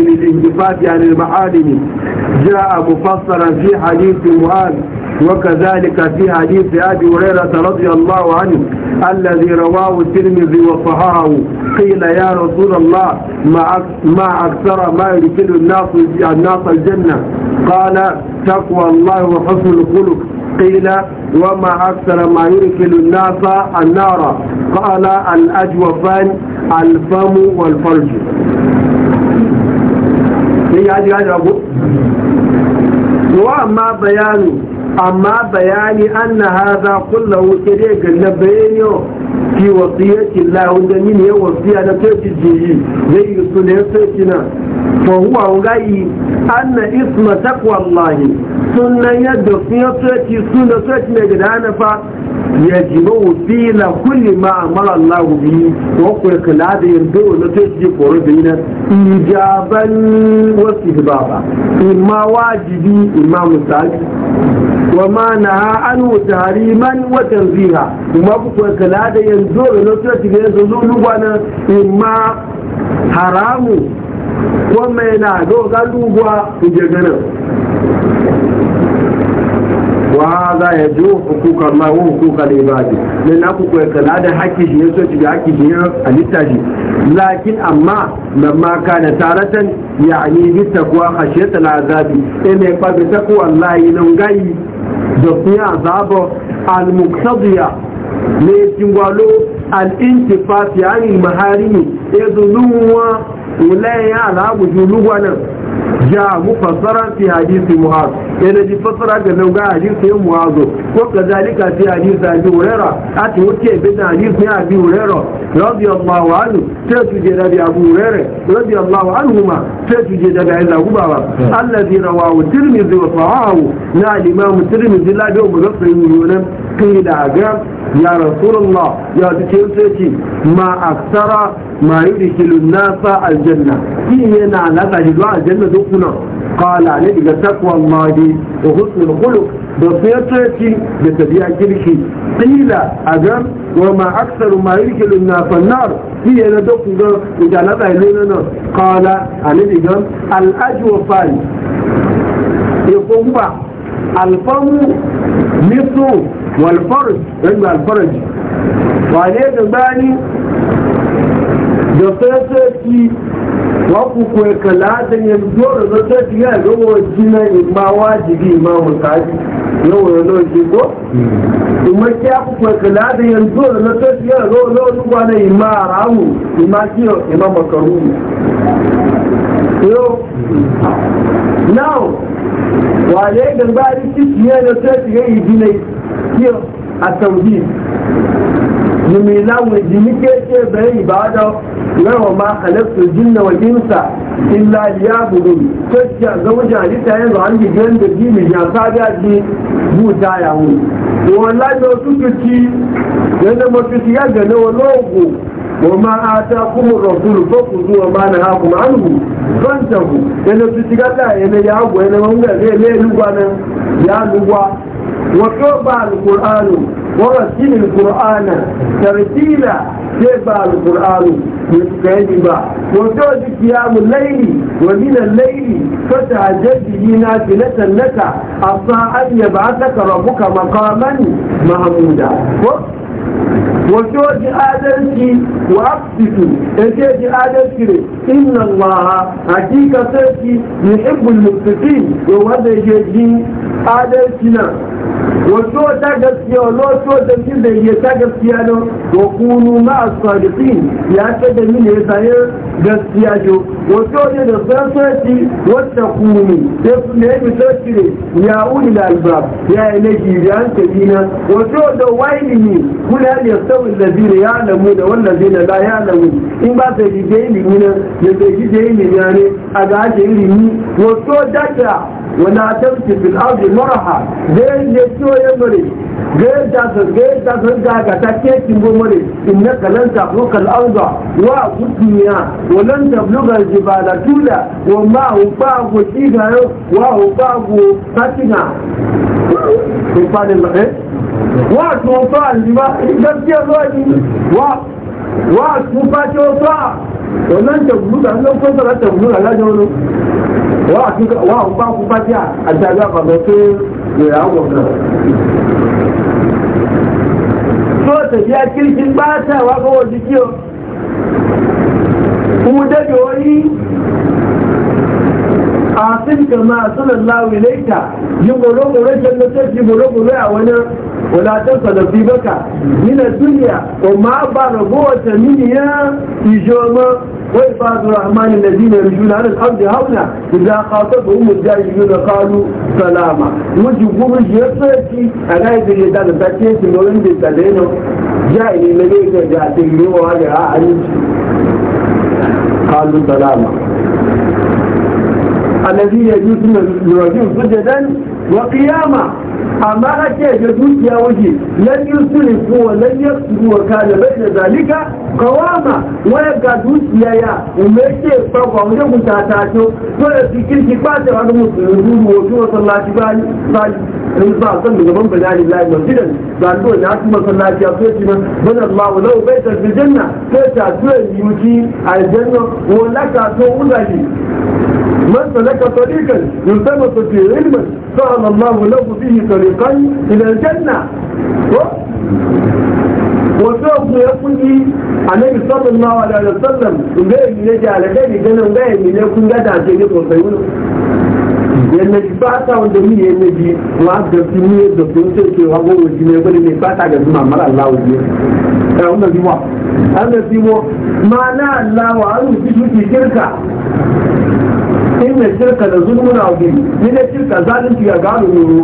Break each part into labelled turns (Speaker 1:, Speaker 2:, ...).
Speaker 1: للانتفاف عن المعالم جاء مفصلا في حديث معاذ وكذلك في حديث أبي هريرة رضي الله عنه الذي رواه الترمذي وصححه قيل يا رسول الله ما أكثر ما يدخل الناس الناس الجنة قال تقوى الله وحسن الخلق قيل وما أكثر ما يدخل الناس النار قال الأجوفان الفم والفرج amma bayanu amma bayani anna hadha kullahu kire ganna bayaniyo bayani fi wasiyati Allah wanda min ya wasiya da tafi jiyi zai yi su ne sai na fa huwa ungai anna isma taqwa Allah sunna yadda fi tafi sunna tafi ne gidana fa yajibu fila kulli ma amara Allah bi wa ku kula da yanzu na sai ji koro da ina ijaban wasu baba imma wajibi imma musali wa ma naha an tahriman wa tanziha kuma ku kula da yanzu na haramu ko mai na ga wa ya ji hukuka ma wa hukuka da ibadi ne na ku kuwa kala da haƙƙi shi ya so shi ga haƙƙi shi ya halitta shi lakin amma na ma ka na taratan ya ni bi ta kuwa hashiyata na azabi e eh, mai kwabi ta kuwa layi nan gayi da kuya azaba al-muqtadiya ne tingwalo al-intifa fi an mahari ne eh, e zulunwa ulayya ala gujulu gwanan ja mufassaran fi hadisi muhaz na ji fassara ga nan ga hadisi yin muhazo ko zalika fi hadisi abi hurairah a ti wuce bi hadisi ya abi rabi allahu anhu sai su je da abu rabi allahu anhu ma sai su je daga yin lagu gubaba allazi wa tirmizi wa sahahu na limamu tirmizi la bi mu gafa yunan da ga ya rasulullah ya zuke sai ce ma aksara ma yudkhilun nasa aljanna fiye na alaka da zuwa aljanna dukuna kala ne daga takwa madi da husnul khuluq da fiyatoci da tabiya kirki qila agam wa ma aktsaru ma yurkilu na fannar fiye na dukuna da alaka da lona kala ne daga al ajwa fani ya kuma alfamu misu والفرج علم الفرج وعليه دباني دفاتي wakuku ya kala da hmm. ya dora na tafi ya não wajen na ma wajibi ma mutaji yau ya lo shi ko kuma ki ya kuku ya kala da ya dora na tafi ya ga wajen lugwa na àtàwùdí jùmí láwùn jìmí kéèké bẹ̀rẹ̀ ìbáadọ́ wa ma àlẹ́kùtò jìnnà wà jínsà ilá ìyá àbúrò tó ti àgbẹ̀wòjà àdíta ẹ̀ lọ àǹdì jẹ́ ǹdẹ̀ bí ìmìjà sáré àti búùtà àyàwó ìwọ̀n lájọ tútù ti lẹ́nu mo ti ti yàgbẹ̀ ní olóògùn وما آتاكم الرسول فخذوه وما نهاكم عنه فانتهوا yana su shiga ta ya hagu yana wanda zai ne lugwa nan ya lugwa وتوبع القرآن ورسل القرآن ترتيلا كيف القرآن يستجب وتعد قيام الليل ومن الليل فتعجل به نافلة لك أصلا أن يبعثك ربك مقاما محمودا وجوج آدمتي وأبسطوا أجوج آدمتي إن الله حقيقة سيكي يحب المبسطين وهذا يجي آدمتنا وجوج آدمتي ولو جوج آدمتي يتاقفتي أنا وكونوا مع الصادقين يأكد من يزاير gaskiyajo wato ne da sassarci wata kuni da ya fi sassire ya wuni da albab ya yi na jiriyar fastawil ladina ya'lamu da wal da la ya'lamu in ba sai ji ilimi ne da sai ji ilimi ne a ga ilimi wato daga wani adam ke fi alji maraha zai ne kiwo ya mure zai da su zai da su ga ga ta ke kin bo mure in na kalan ta ko kal alba wa kutiya wannan da bluga jibala tula wa ma hu ba ku ti ga yo wa hu ba ku katina ko pa ne wa to wa wa tufa ce wasu a wannan tabulu da hannun kun da tabulu da lajin wani wa a kufa kufa ce a tabi a fagautu da ya hagu so tafiya kirkin ba ta wa ga wajen kiyo kuma da wani a sun kama sunan laita? yi goro-goro jannatar yi goro-goro a wani ولا تنسى نصيبك من الدنيا وما بعد قوة ربوة منها يجوما وعباد الرحمن الذين يرجون على الأرض هونا إذا خاطبهم الجاهلون قالوا سلاما وجبوا يسرتي أنا إذا جدال بكيت نورين بالتدين جاهلي لديك جاهلين وهذا أعني قالوا سلاما الذي يجوز من الواجب سجدا وقياما amma ce da dukiya waje lan yusri ko lan yasru wa kana bayna zalika qawama waya ga dukiya ya umeke fa ko mun ku ta ta to ko da fikir ki ba ta wani musulmi ruwa ko sallaci ba ba in ba san daga ban bala lillahi masjidan ba do na su masallaci a so ki nan ban Allah lau baita fil janna ko ta tuwa yuti aljanna ko laka to ugali man salaka tariqan yusamatu fi ilmin sa'ala Allah lahu bihi طريقين إلى الجنة wato ku ya kuɗi annabi sallallahu alaihi wasallam ga yi ne da ga yi ne kun ga da ce ne yanne ji ba ta wanda ni ji wa da ni da ce wa ji ne ne ba ta ga zuma Allah eh wannan ji wa ji wa mana Allah wa an ji kirka inna shirka da zulmuna wa ni shirka zalunci ya gano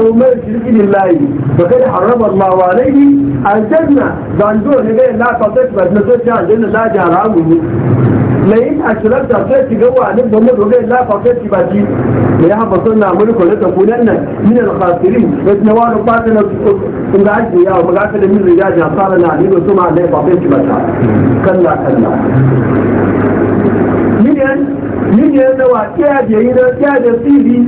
Speaker 1: إنه ما يشرك بالله فقد حرم الله عليه الجنة زندور نجي لا تطلب نسوش عن جنة لا جرامه لئن اشرب أشركت جوا نبدأ مر وجه لا فقدت باجي يا حفصنا ملك ولا تكونن من الخاسرين وتنوار فاتنا تنقعد يا ومقعد من رجال صارنا عليه وسمع عليه فقدت باجي كلا كلا من مليان نوا كاد يينا كاد سيدي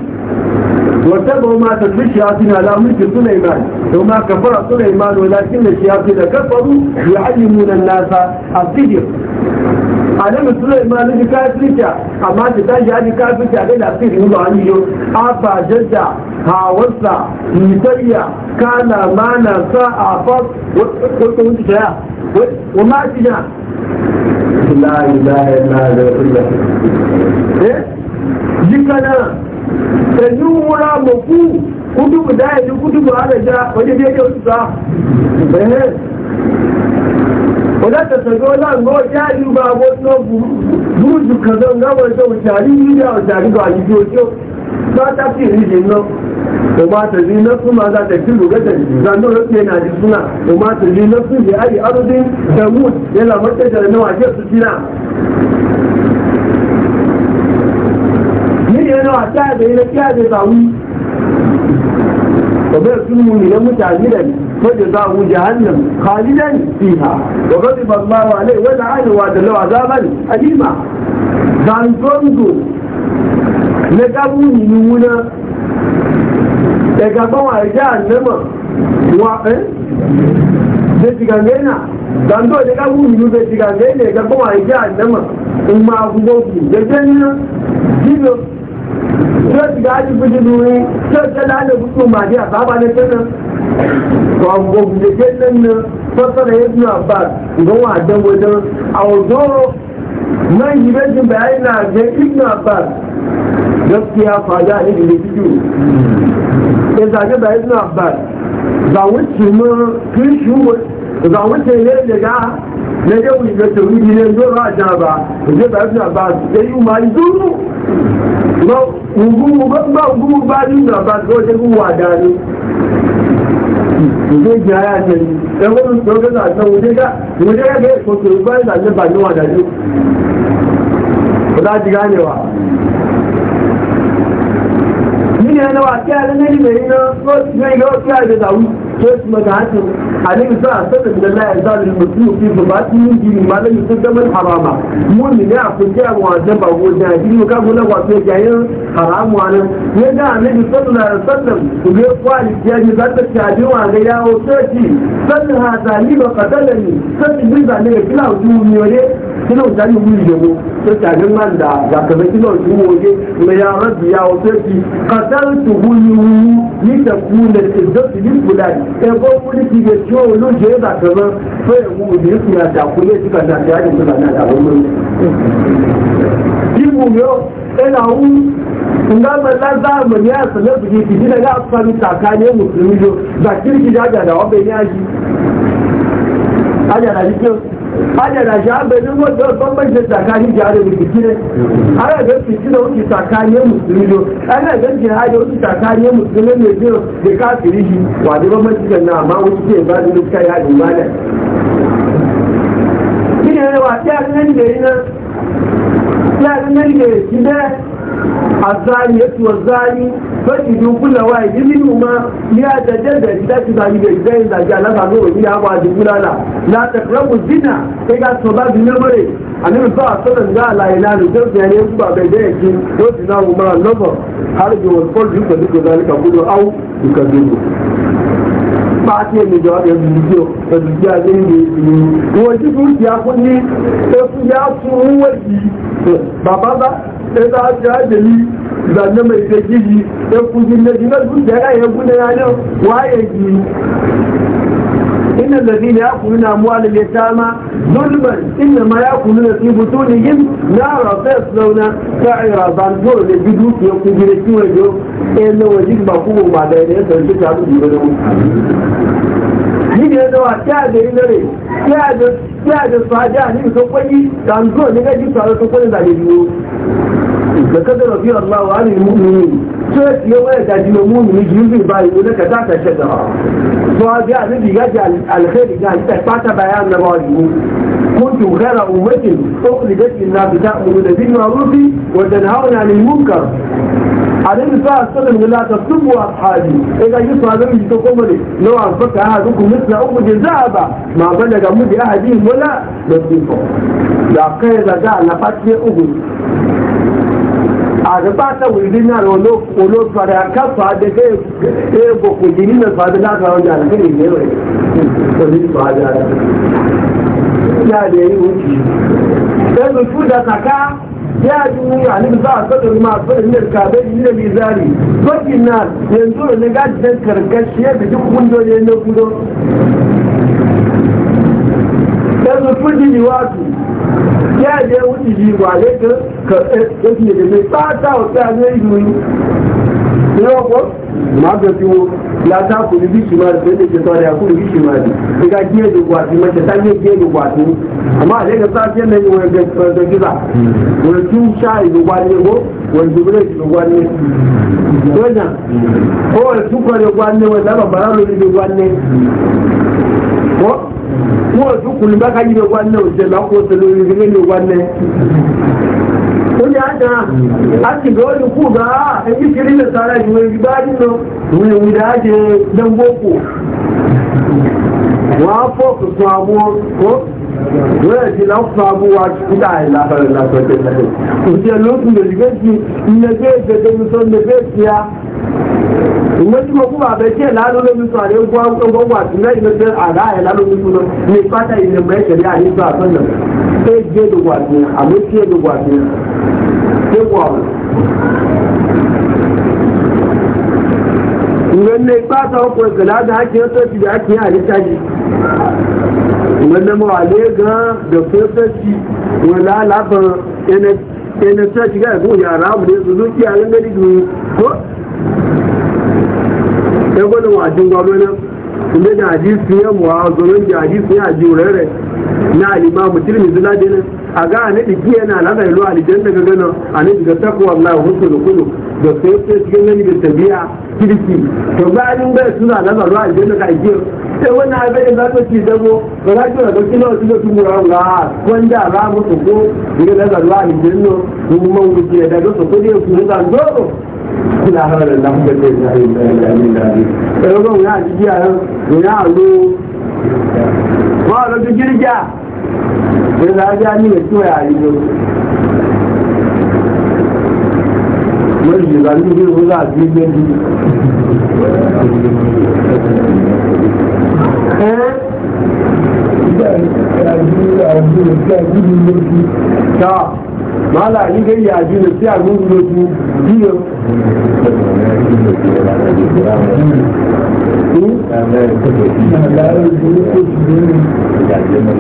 Speaker 1: واتبعوا ما تتلو الشياطين على ملك سليمان وما كفر سليمان ولكن الشياطين كفروا يعلمون الناس a alẹ́mì túnlẹ̀ ìmáà lójú káfíríkà àmá ti dájú ájú káfíríkà lẹ́nà sí ìrìnlọ àníyó àbà jẹjà àwọ́sà nìtẹ́yà kánà mánà sá àfọ́ wọ́n ti tẹ́yà wọ́n máa ti yà láìláìláìlá ẹ̀jú wúra mọ̀ fún kúdùkù dá ẹ̀jú kúdùkù àrẹ̀já ọjọ́ bí ẹjọ́ òṣìṣà ẹ̀hẹ́ ọ̀dọ́tẹ̀sẹ̀ tó láǹgọ́ jẹ́ àdúgbà àwọn tó búrúdù kan náà gáwọn ẹjọ́ òṣàrí yíyá òṣàrí bá yíjú ojú bá sí ìrìnjẹ náà mo máa tẹ̀lé iná fún máa dáa tẹ̀sí lò gẹ́tẹ̀ ìgbàndó ló ti ẹ̀nà àdìsúnà mo máa tẹ̀lé iná fún ìyá àyè arúdín tẹ̀wùd yẹn làwọn tẹ̀sẹ̀ náà àjẹ́ òṣìṣẹ́ náà yawa ta da yi na kiya da zawu ko bai sunu ne mun ta ji da ni ko da zawu jahannam khalidan fiha wa gadi bazma wa alai wa da ali wa da law azaban alima dan gongo ne ga mu ni muna daga ba wa jahannam wa eh ne diga ne na dan do daga mu ni be diga ne ne ga ba wa jahannam in ma gugu da jannan dilo yóò ti gba ajú fúnjú lórí yóò jẹ́ lálẹ́ gbogbo màdí àbábá ní kẹ́nà ọ̀gbọ̀ gbèdéke lẹ́nu sọ́sọ́rọ̀ yẹn fún àbá ìgbọ́n àdánwò náà àwùjọ náà yìí bẹ́ẹ̀ ti bẹ̀rẹ̀ náà jẹ́ ìgbọ́n àbá gaskiya fada ne da bidiyo ya zage bayan suna ba ba wuce mun kun shi daga wuce ne daga na yau ga tawuri ne zo ra ja ba ba ja ba sai yu mai duru ba ugu ba ba ugu ba ni na ba go je ku wa da ni je ja ya ne da wannan to da ta wuje ga wuje ga ko to ba da ne ba ni wa da ni ba ji ganewa ni ne na wa ta ne ne ne na ko ne ko ta da da wu ko kuma ga ta annabi za a sanar da la yazal al muslimu fi zubati min dini ma lam yusaddam al harama ni ne a ku ga wa da ba go da dini ka go la wa to ga yin haramu anan ya ga annabi sallallahu alaihi wasallam ku ga kwali ya ji za ta tabi wa ga yawo sai sannan ha zalima qadalani sannan bi za ne kila duniya ne kila jani mu yego to tabin man da ga ka ba kila duniya ne me ya rabbi ya wo sai qataltu hu ni takuna al izzatu lil fulani e go mulki ga yóò ló ṣe é bàtà mọ́ fún ẹ̀wọ̀n òdì ìsìn àdàkúlé tí kàtà tí a lè fi bàtà àdàkúlé mọ́. Ibu yóò ẹnà wú ngáàmà lágbàmù ní àṣàlẹ̀ òdì ìfìdí náà yóò fa mi tàkà ní mùsùlùmí yóò bàtírí kìí àjàdà ọbẹ̀ ní àjí. Àjàdà yìí adana shi abenin wanda bambancin tsakanin jihar da fitina ana ga fitina wuce tsakanin musulmi do ana ga jihar wuce tsakanin musulmi mai biyu da kafiri shi wa da bambancin da na amma wasu ke ba da duka ya dumana kina ne wa ta nan da ina ta nan da ina الزانية والزاني فجدوا كل واحد منهما مئة جلدة لذلك زاني بإزاي إذا جاء لها نور إلى أبعاد لا لا تقربوا الزنا إذا الصباب النمري أن يرفع صلى قال لا إله الجلد يعني يقبع بيديك يوزناه مع النظر خارج والفرج يكذب ذلك كله أو يكذبه pàtí èmi jọ ẹ̀bùdíò ẹ̀bùdí àdéhìí ìlú wọ́n ti fún ìyá fún ní ẹ̀fúyà fún wẹ́ẹ̀dì bàbá bá sai za a ga dali zanne mai ta gidi ya kuji na jina zuciya ya yi gudu ya waye ji inna ya kunu na muwala ta tama zulman inna ma ya kunu na tsibu tuni yin na rafa su zauna sa'ira ban zuwa da gidu ya kuji da kiwon yau ɗaya na wajen ba kuma ba da yanayin sarki ta su jibe da mu níbi ẹjọ́ àti àjẹ́ ilé rẹ̀ tí da sọ ko níbi dan pẹ́ ne tàǹgọ́ nígbẹ́jì sọ àwọn tó pẹ́ nígbàlejò لقد رضي الله عن المؤمنين سويت يوم تجد باي يجيب بايو لك ذات شجرة فهذا الذي يجعل الخير قال تحت بيان نواجه كنتم خير أمة أخرجت من تأمرون بالمعروف وتنهون عن المنكر عليه الصلاة والسلام لا تسبوا أصحابي إذا يسمع لم يتقوم لي لو أنفق أحدكم مثل أم جزابة ما بلغ مد أحدهم ولا نصيفه لا قيد دع لفتح أمد àgbàtà wìrì náà olóòtúwàdà káfà àdẹ́gbẹ́ èèbò kò jì nínú ìfàdé láti àwọn ọjà àti ìgbé rẹ̀ pẹ̀lú ìfàdé rẹ̀ yáàdé ìwò jì ẹgbẹ̀ fún ìdàtàká yáàdé wọn àníbi bá ní máa fẹ́ ilé ìkàbẹ́ ilé mi zari lókì náà yanzu da na gaji da karkashi ya bi duk kundo ne na kudo ẹgbẹ̀ fún ìdíwájú kí àjẹ́ ó ti di ìwà lẹ́kẹ́ kẹ̀kẹ́ lè gbé pátá ọ̀tẹ́ àjẹ́ ìlú yìí ní ọ̀pọ̀ màá bẹ̀ fi wo làtà kò ní bí ìṣúná rẹ̀ pé lèṣe sọ́ọ́rẹ́ àkó lè bí ìṣúná rẹ̀ nígbà kí èdè wà sí mẹ́tẹ̀ sáyé kí èdè wà sí àmọ́ àlẹ́kẹ́ sáyé lẹ́yìn wọn ẹgbẹ́ pẹ̀lú gíga wọn tún ṣá ìlú wa ní ewó wọn ìlú wa wa wa wọ́n tún kùn bá káyí bẹ wọn náà òjò lákòóso lórí ilé ní wọn náà. ó ní àná àti bẹ́ẹ̀ ni bá ẹni kiri lè sára ìwé ìgbà nínú ìwé ìwé dájẹ́ dẹ́gbọ́kù. wọ́n á fọ́ tuntun àbọ̀ wọ́n ti lọ fún abú wa kúta ìlàkọ̀ọ́lẹ̀ lásọ̀tẹ̀ lẹ́yìn. òṣèlú tún lè gbé sí ilé gbé ìgbésẹ̀ mi sọ ilé gbé sí a. ìmọ̀tí mo kú bàbá tí ẹ̀ lálọ́ lómi sọ àlẹ́ gbọ́ngbọ́ngbọ́ àtúnyẹ́ ìmọ̀tí a ẹ̀ lálọ́ lómi sọ ní pátá ìrìnàmọ̀ ẹ̀kẹ̀lẹ́ àyíká àtọ́nà ẹ̀ gbé gbogbo àtúnyẹ́ àmọ́ tí ẹ̀ gbogbo àtúnyẹ́ gbogbo ọ̀rọ̀. a ní pátá ọkọ̀ ìkẹ̀lẹ́ àdá kí ó tó ti dá kí àyíká yìí. ìwé ní mo àlẹ́ gan dọ̀kẹ́ tó ti wọ̀ lálàbọ̀n ẹni tó ti gá ìfún yàrá ko. sai gwanin wajen gwaro nan inda da hadisi ya muwa zoron da hadisi ya ji rere na alimamu tirmi zula da a ga ne da giya na lazar alijan daga gano a ne daga takwa Allah hutu da kudu da sai sai cikin gani da tabiya kirki to bayan bai suna lazar ilo alijan daga giya sai wani abin da za ka ci dago ba za ka da kina wasu da tumura ga wanda za mu ko daga lazar ilo alijan no mun wuce daga su kudi su zan doro kila hawar da lafiya da ya da da da ya ni Ta mala yi gai ya ji da sai a gungulo su biyo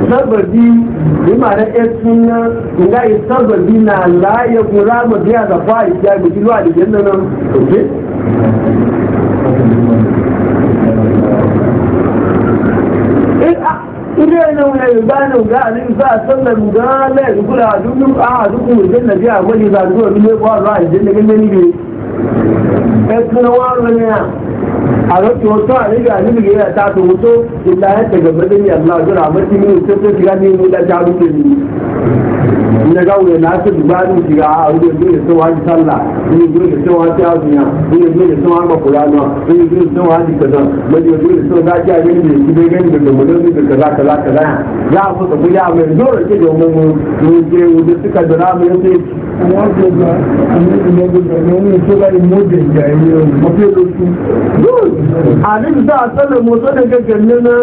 Speaker 1: sabadi yi ma na ɗaya suna nga yi sabadi na laye kura mu biya da fa'a ya gudu a da ne nan ya yi gane ga alin za a sallar ga lai kula a duk a duk mutum na biya wani za zuwa ne ko za a jinda ganin ne ɗan suna wani ne a rasu wato a riga ni ga yana ta to wato illa ya ta gaba da ni Allah jira mutum ne sai ta shiga ne mu da ta rufe ni na ga wuya na su dubarin shiga a wuya zo da sawa ji sallah wuya zo da sawa ji azuya wuya zo da sawa ba kurana wuya zo da sawa ji kaza wani zo da sawa za ki a gani da shi bai gani da gamanin da kaza kaza kaza za a so ka kuya mai zo da ke da mun mun ke wuda suka da ramu ya ce a nan za a sanar motsa daga gannin na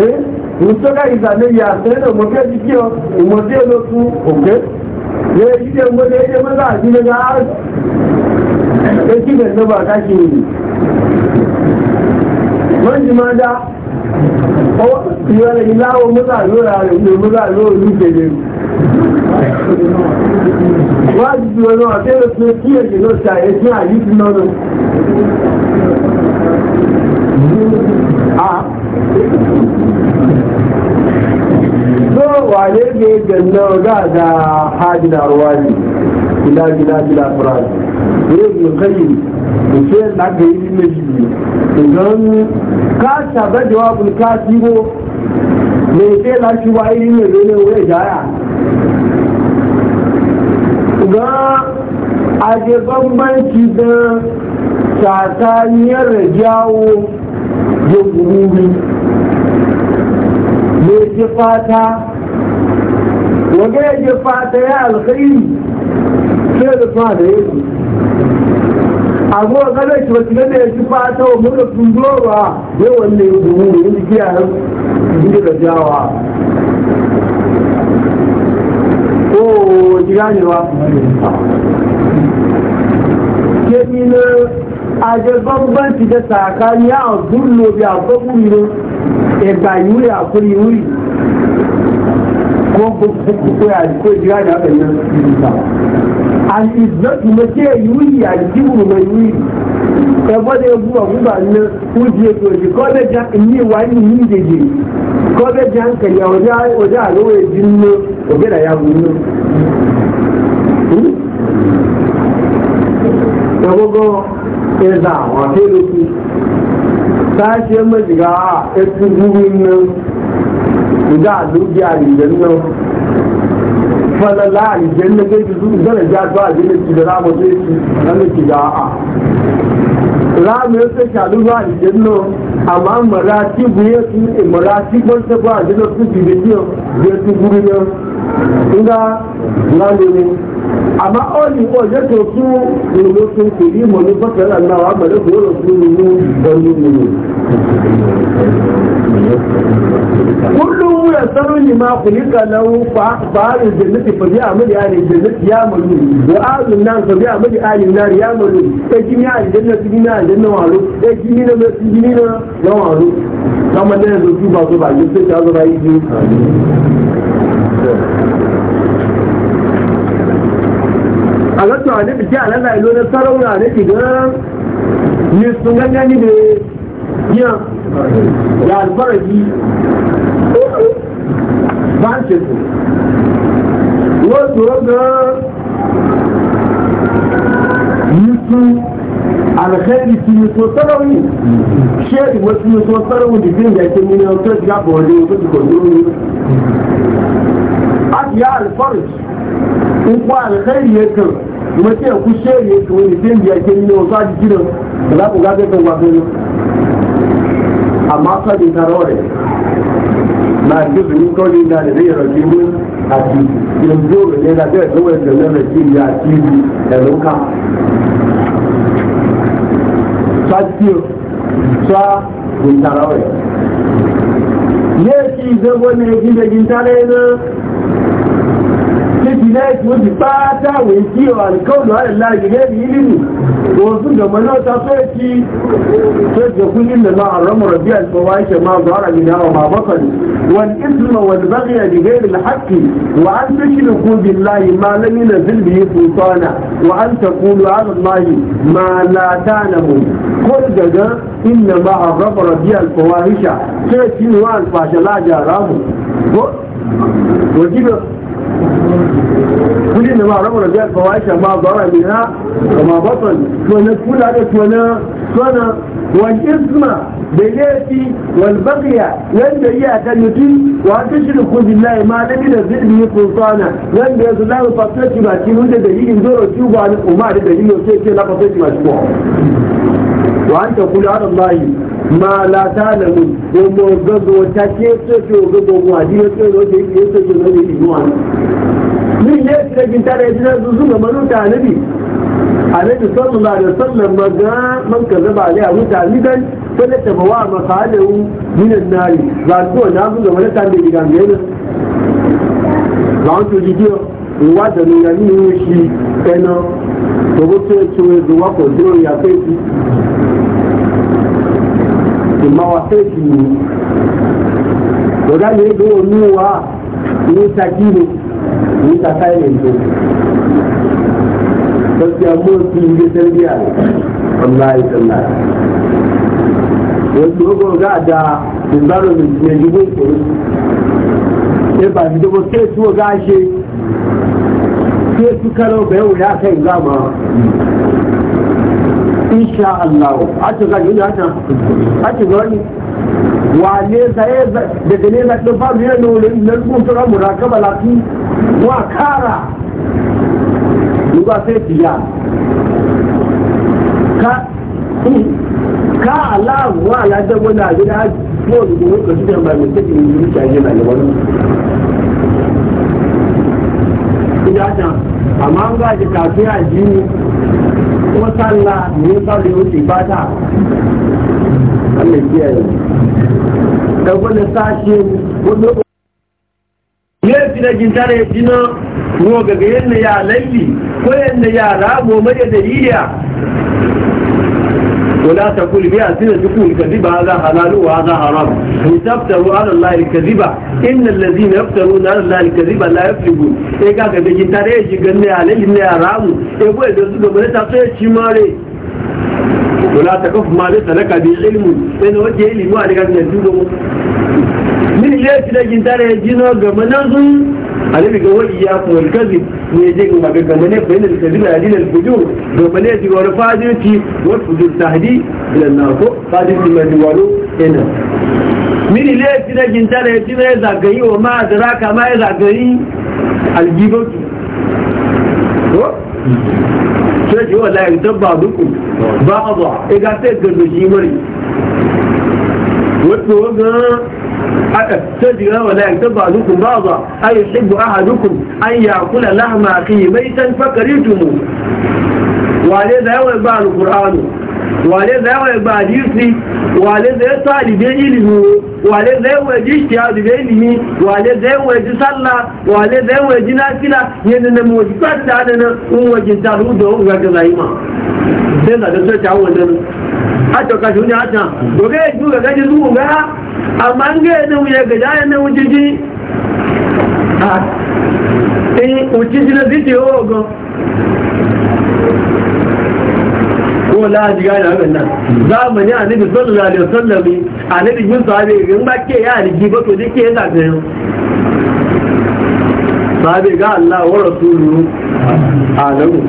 Speaker 1: eh nítorí ìsàlẹ̀ yà sẹ́lẹ̀ mọ̀kẹ́ ti kí ọ ìmọ̀dé ló tún òkè lè jíde mọ́lẹ̀ ẹjẹ́ mọ́lá àti lè ga ẹjíbẹ̀ lọ́bà káàkiri wọ́n jí máa dá ìrọ̀lẹ̀ ìláwọ̀ mọ́lá lóra rẹ̀ ní mọ́lá lóòrùn ìṣẹ̀lẹ̀ wọ́n á ti dùn ọ̀nà àti ẹ̀rọ a so wane ne ganna ga da ruwa ne gida gida gida turani ne mu kai mu ce na ga yi ne shi idan ka shaba jawabin ka tibo me ce la shi wa yi ne ne wai jaya ga a je bambanci da tsakaniyar jawo 有农民，有些发财，有些发财啊！老贵，有的发财，啊！我刚才说的那个那些发财，我们工作啊，有农民农民的家，你就在家啊！哦，你看你吧，你看你，这边。a da bambanci da tsakani ya zullo bi a gbabu ne e ba yuri a kuri wuri ko ko ya ko jira da haka nan an izzatu na ce yuri e bada ya buwa guba ne kuje to ji ko da ja ni wani ni da ji ko da ja hankali a waje waje a roye jinno ẹ̀dà àwọn akẹ́lẹ́kù sáàṣẹ́ mẹ́jìgá ẹtù gúrú iná ìdá àdójì àrìjẹ́ náà falala àrìjẹ́ náà kéjì tó gbọ́dọ̀ já tó àdílé ti dára mọ́ tó èsì lọ́nà ìjìgá à ráàmì ó tẹ̀sí àdúgbò àrìjẹ́ náà àmọ́ àmọ̀ra tí buyé tún ìmọ̀ra tí gbọ́dọ̀ àdílé tó dìde díẹ̀ bí ẹtù gúrú iná ńlá ńlá lónìí àmá ọ́ ní pọ̀ jẹ́ tó tún ìlú tó ń pè ní ìmọ̀ ní bọ́tẹ̀lá náà wà pẹ̀lú kòrò fún inú ọ̀nù nìyí. kullum ya tsaro ni ma ku Fa kalau fa'arin jannati fa bi amali ali jannati ya malu wa fa bi amali ali nar ya malu e jini ali jannati jini ali janna walu e jini na ba jini na na walu kama da zo ba zo ba yi ta zo ba yi a ga tuwa ne biki a lalla ilo na ne ki ni sun gangani ne ya ya alfaraji ba ce ku wasu ga yusu alkhairi su yi so sarauni sheri wasu yi so sarauni da jin yake mini wata ya bori ko kwanoni a ya alfaraji in kwa alkhairi ya kan kuma ce ku sheri ya kan wani sai biya kin ne wasu aji gidan da za ku ga zai kan wato ne amma sa da tarore na gizo ni kawai na da zai rage mun a ci yanzu da ne da zai zama da na rage ya ci da loka sa ci sa da ne ci zai wani gidan gidan na ìmẹ́ tí ó ti pátá wèé tí ọ̀ àríkọ́ọ̀lù àrẹ̀ láàrin gẹ́gẹ́ bí nínú òfin gbọ̀mọ̀ náà ta fẹ́ ti تجدكم إلا ما حرم ربيع الفواحش ما ظهر منها وما بطن والإثم والبغي بغير الحق وأن تشركوا بالله ما لم ينزل به سلطانا وأن تقولوا على الله ما لا تعلموا قل جدا إنما حرم ربيع الفواحش تأتي وأن فاشلا جارامه وجب kuli ne ma rabu da biyar kawo ya shama zuwa rami na kama batan tuwane kula da tuwane tuwane wani isma da yafi wani bakiya yadda yi a kan mutum wa ta shirin kudin layi ma na gina zirbi ya kusurana yadda ya su lafi fasashi ba ci wanda da yi in zoro ba ni umar da yi sai ce lafi fasashi ba ci ba وأن تقول على الله ما لا تعلم وما قدو تكيب تشو قدو وادي يتشو وادي يتشو وادي يجوان من يتشو من ترى يجنا زوزو لمنو تعلمي عليه صلى الله عليه وسلم مجا من كذب عليه أبو تعليدا فلت بواع مقاله من النار ذاتو نازو لمنو تعلمي بيجان بيانا لعنتو جيجيو وادنو يعني يوشي أنا tòwó tó ètò èdè wọn kò dúró yà péjì ìmọ̀ wà péjì yìí lọ́dá yìí dùn ònú wa ní ìtajú ní ìtaka ìrìnàjò lọ́sí àmú òsì ìgbé sẹ́ńdíà ọ̀la ìtọ́lá wọ́n ti gbogbo ọ̀gá àdá ìbárò mi ìgbìyànjú ní ìkòrò ṣé sai su karo ga yau ya kai gama insha Allah a ce gani ya ta a ci gani wane zaye daga ne na ɗin famu yana wurin nan kuntura ka lafi wa kara duba sai fiya ka ka Allah wa ala da wani abin da ko da wani kasu da mai mutum da yi wani jajan amma an ga ji a jini kuma sallah ne ba da wuce ba ta Allah kiyaye da gwada sashi wanda ne fi da gintare jina ko gaga yadda ya laifi ko yadda ya rago mai da iya ولا تقول بها سنة تقول كذبة هذا حلال وهذا حرام وتفتروا على الله الكذبة إن الذين يفترون على الله الكذبة لا يفلقون إيقا كبيجي تريجي إيه قلنا إيه على اللي أرامو إيقا يدرسوا قبل تطيشي ماري ولا تقف ما ليس لك بعلم إن وجه علمه عليك أن يدوده من إليه تلاجي تريجي نوغ منظم annabi ga wai ya ko kazi ne je ga maga ne bayin da kazi da adin al fujur ga ne ji wani fajirci wa fujur tahdi ila nar ko fajirci ma ji wani ina mini le tire jin tare tire zagayi wa ma da adraka ma zagayi al gibatu ko sai ji wala ya dabba duku ba a ba e ga sai ga shi mari وتوغا أتجرى ولا يكتب بعضكم بعضا أي يحب أحدكم أن يأكل لحم أخيه ميتا فكرهتموه وعليه ذا يوم القرآن وعليه ذا يوم يبقى اليسري وعليه ذا يطالب علمه وعليه ذا يوم يجي اجتهاد بعلمه وعليه ذا يوم وعليه موجبات لأننا هو جدا دعوه ده هو كذا إمام ده hatta kashi wani hatta doga ya duga gaji zuwa ga amma an gaya eh, na wuya gaji ayan na wujiji a ɗin wujiji na bidiyo ogon ko la ji gane hakan nan zamani a nabi sallallahu alaihi wasallam a nabi min sahabe in ba ke ya aliki ba to dake ya zaga yau sahabe ga Allah wa rasuluhu alamu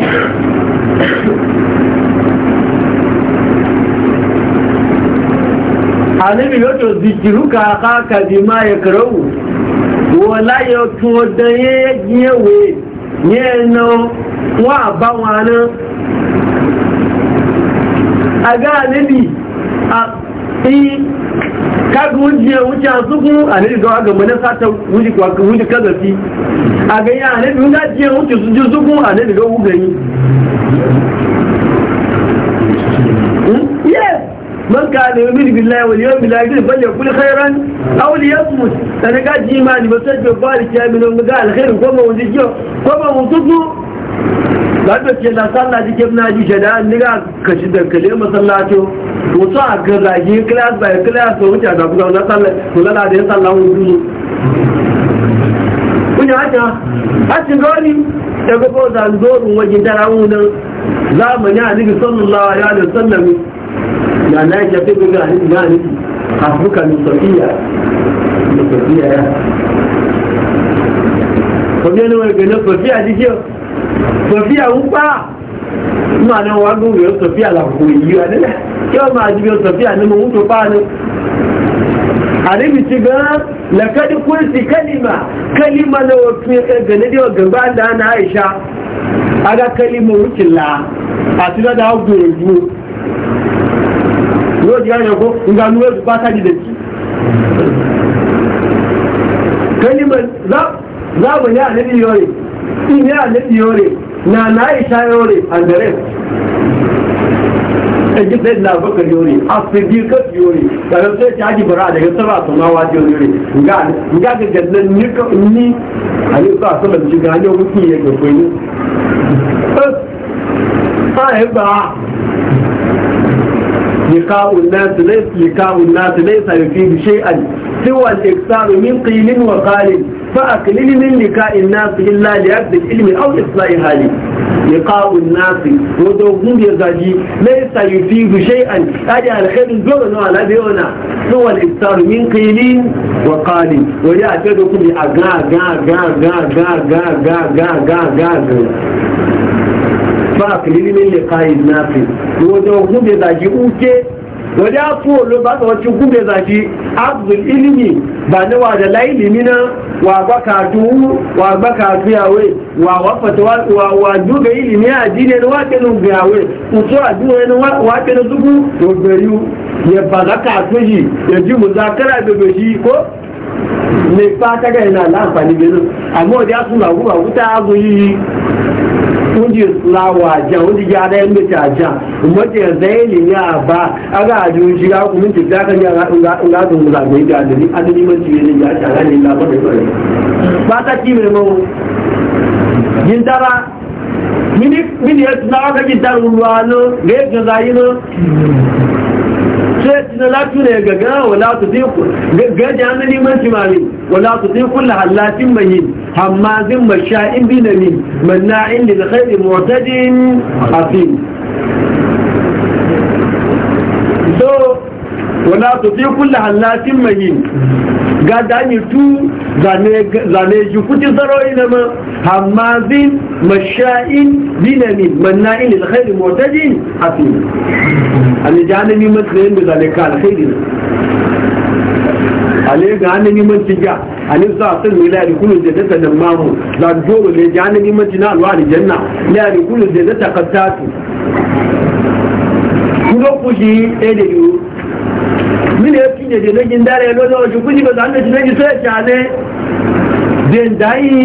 Speaker 1: àníbi yóò tó zìkìrú kàkà kàbí máa yẹ kẹrẹ́ wò wọ́n láyé tún ọdún yẹ́ yẹ́ wèé ní ẹ̀nà wọ́n àbá wọn aná àgá àlébì àti kágun jíẹ wújẹ́ àtúkún àlébì gan agbẹ̀mọ̀ ní sáta wújẹ́ kẹ́gbẹ̀ sí àgbẹ̀yà àlébì wújẹ́ àjíẹ suku? súnkún àlébì gan yi. man ka ne yumin billahi wal yawmil akhir bal yakul khairan aw liyasmut sana ga ji ma ni basar be bari ya min ga alkhair ko ma wani jiyo ko ma wutu da da ke da sallah jike na ji shada ni ga kashi da kale masallaci wato a ga zage class by class to wuce da ku na sallah to lala da sallah wudu kunya haka wajen zamani a nigi na na ya fi gudu a niki na niki hasbuka min safiya min safiya ya kọjú ẹni wọn gbẹ̀nà safiya jíjẹ́ safiya ń pa máa ní wọn gbọ́n gbẹ̀rẹ̀ safiya làkùkù yìí wà nílẹ̀ kí ma máa jíjẹ́ safiya ní mo ń tó pa ni àríbi ti gan lakadi kulti kalima kalima na wato ya gane da gaba da na aisha aga kalima wucin la a tuna da hagu ya ti gane ko in ba ta gidanci za mu ya nabi yore in ya nabi yore na na isha yore an gare ɗanji ɗan na baka yore a fidi ka yore ɗan sai ta ji bara daga sama su ma wajen yore nga ga gannan ni ka ni a ne sa sama ji ga ne wuki ya ga ba لقاء الناس ليس لقاء الناس ليس يفيد شيئا سوى الإكثار من قيل وقال فأقلل من لقاء الناس إلا لعبد العلم أو إصلاح حالي لقاء الناس ودوغون يزاجي ليس يفيد شيئا هذا الخير الزمن على بيونا سوى الإكثار من قيل وقال ويأتدكم بأغا غا غا غا غا غا غا غا غا غا غا wa akilili min liqa'i nafi wajen gube zaji uke wajen afuwa lo ba ta wacce gube zaji abdul ilimi ba na wa da lailimi na wa bakatu wa bakatu yawe wa wafata wa wa duga ilimi a dine na wake na gawe uto a duga na wake na zubu to gari ya ba za ka tuji ya ji muzakara da gashi ko ne fata ga yana la amfani da amma da su na guba wuta azu yi wunji lawa jan wunji ya yin mita jan mace zai ne ya ba a ga a jiun shiga kuma ci ta kan yara in ga sun guza mai da adali adali man ciye ne ya shara ne labar da kwarai ba ta ci mai mawu yin tara mini mini ya tunawa ka gidan ruwa no ga yadda zayi no na lafiya ga gaga wala tu zai ku gaja na liman timami wala tu zai kullu halatin mahin hammazin masha'in binamin manna'in lil khairi so wala ga yi tu zane ji kuti zarori na ma hamazin masha'in dinamin manna'in motajin da zane ka alkhairi ale ga za a san ga alwa da da jirgin dare lona wajen kudi ba zan da jirgin sai ya ne bin dayi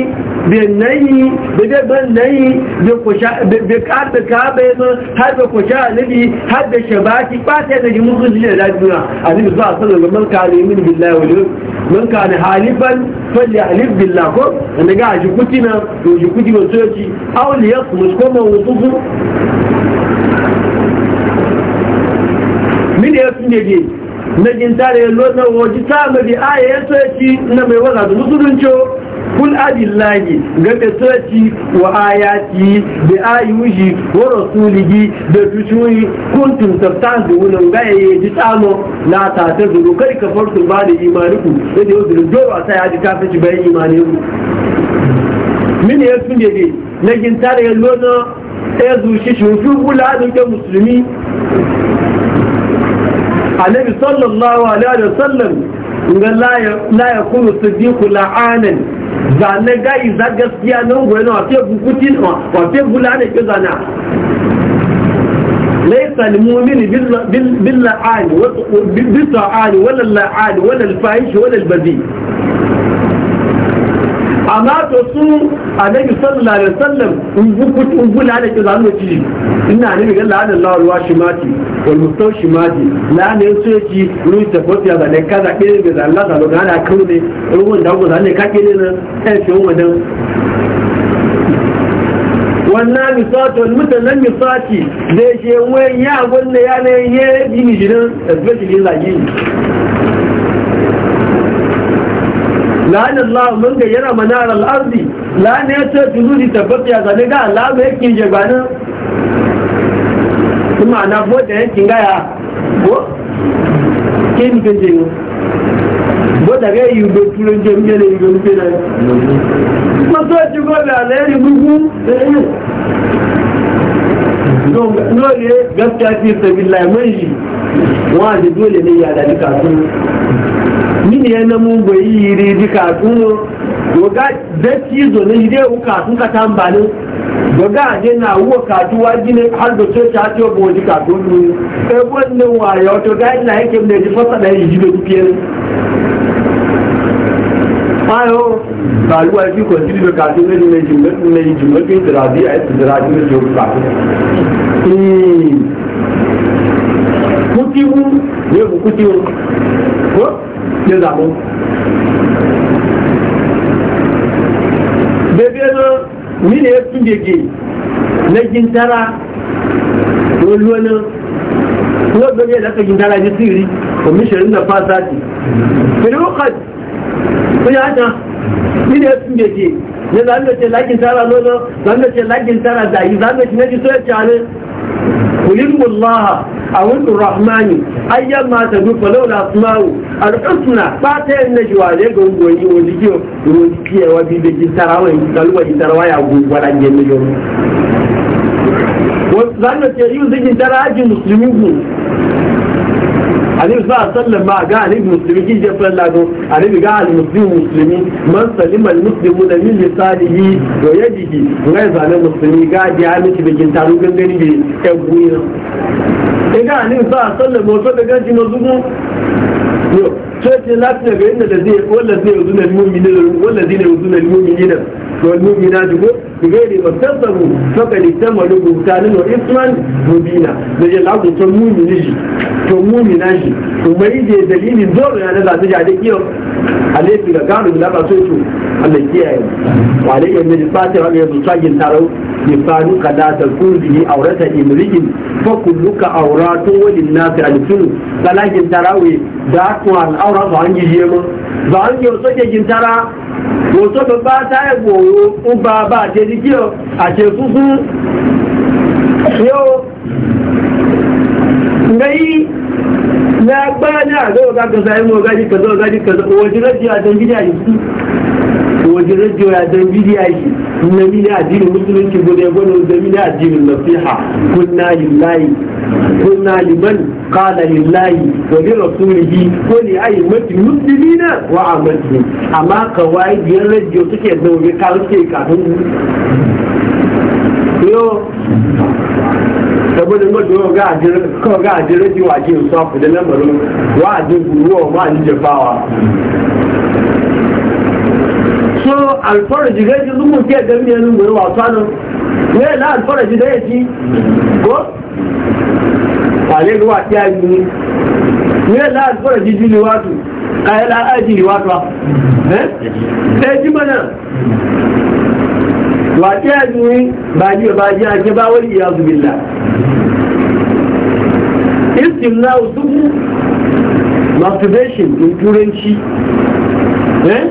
Speaker 1: bin nayi bide ban nayi da kusha da kabe kabe ma har da kusha alibi har da shabaki ba ta da jimu sun jira da duniya alibi zuwa sallallahu alaihi wasallam kan min billahi wal man kana haliban falli alif billah ko da ga jikuti na to jikuti ba soci aw li yasmus ko ma wudufu min ya sunje na gintare lona waje ta mabi aya ya soci na mai waza da musulunci kun abillahi ga da soci wa ayati da ayuhi wa da tushuyi kun tuntabtan da wunan gaya ya ji tsano na ta ta zuru kai ka farko ba da imaniku da da yau doro a ya ji kafin shi bayan imaniku mini ya tunde ne na gintare na ya zuci shi hukun kula da musulmi annabi sallallahu alaihi wa sallam ga la ya kuma siddiqu la'anan zane gai za gaskiya nan goyi na wafe bukutin wafe bula ne ke zana laisa al-mu'minu bil la'ani wa bil ta'ani wala al-la'ani wala al wala al amma to su annabi sallallahu alaihi wasallam in gula da ke zanu ci ina ne ga la'an Allah ruwa shi mati wal mustaw shi mati la'an yin so ruwa ta ko ya da kaza ke ga Allah da lura da kaune ruwan da gona ne kake ne sai shi wannan wannan misatu wal mutalan misati zai je wani ya wannan ya ne ya bi mijinan especially zagi la'anar Allah mun ga yana manar al'arzi la'anar ya ce tuzu di tabbata ya zane ga Allah yake je gwanin kuma na bota yankin gaya ko kin kin je bota ga yi go turan je mje ne go mje ne maso ci go da alheri bugu no ne gaskiya fi sabilillah mai wa da dole ne ya da duka su mini yana mun bai yi ne ji kasu doga da cizo ne dai u kasu ka bani. doga ne na uwa kasu wa gine har da ce ta ce bo ji kasu ne sai wannan wayo to ga ina yake ne ji fasa da yi ji da dukiyar ayo ba ruwa shi ko ji da kasu ne ne ji ne ji ne ji da rabi a da rabi ne ji kasu wu ne ku wu. ده عمو بيبيانا مين يبتون ديكي لجين ترى ولوانا هو بني لك جين ترى يسيري ومش عندنا فاساتي في الوقت في عدا مين يبتون ديكي لذلك لجين ترى لولا لذلك لجين ترى دايه لذلك نجي سوية تعالي قل الله أو الرحمن أيما تدوك ولولا أسماؤه alƙasuna ba ta yin na jiwa ne ga unguwa yi wani kiyo da wani kiyawa bi da gisara wani galuwa gisarawa ya gugwa da ne na jiwa zanu ke yi zikin tara hajji musulmi ku alif ba sallan ma ga alif musulmi kin jefa lado alif ga al muslim musulmi man salima al muslimu da min lisanihi wa yadihi ngai zane musulmi ga di alif bikin taru gangani bi e buyi na e ga alif ba sallan mo to daga ji mazugu فاتنا لاتنا بأن الذين يؤذون المؤمنين والذين يؤذون المؤمنين والمؤمنات بغير ما اكتسبوا فقد اكتملوا بهتانا واثما مبينا نجي العبد تمومي نجي تمومي je وما يجي دليل الدور يعني لا تجي عليك يوم عليك da قارب لا تسوي Allah kiyaye wa da yake mai fati wa ya musagin tarau bi fanu kada ta kurdi aurata fa kulluka auratu walin nas alfun salagin tarawi da to al aura ba an yi yema ba an yi sake gintara òtó tó bá táyẹ̀ gbòòrò ń bá bá àti ẹdíkí ọ àti ẹkúnkún yóò ngayi na gbáyà ní àgbẹ̀wò kákọsá ẹmú ọgájí kẹsọ́ ọgájí kẹsọ́ òwòjúlẹ́jì wajen rajiyo ya dan bidiya shi na mini addinin musulunci guda gwada da mini addinin nasiha kunna lillahi kunna liman qala lillahi wa li rasulihi wa li ayyati muslimina wa amati amma kawai biyan rajiyo suke zaune ka suke kafin yo saboda mato kawai ga ajiyar rajiyo a ke sa da lamarin wa'azin guruwa ma'ajin jafawa so alfarji gai ji zumun ke gami yanin gori wasa nan ne na alfarji da ya ko kwale ruwa ta yi ne ne na alfarji ji liwatu a yi la'aji liwatu ba
Speaker 2: eh
Speaker 1: ji mana wa ta yi ne ba ji ba ji a ke ba wani iya zubilla istimna su masturbation in turanci eh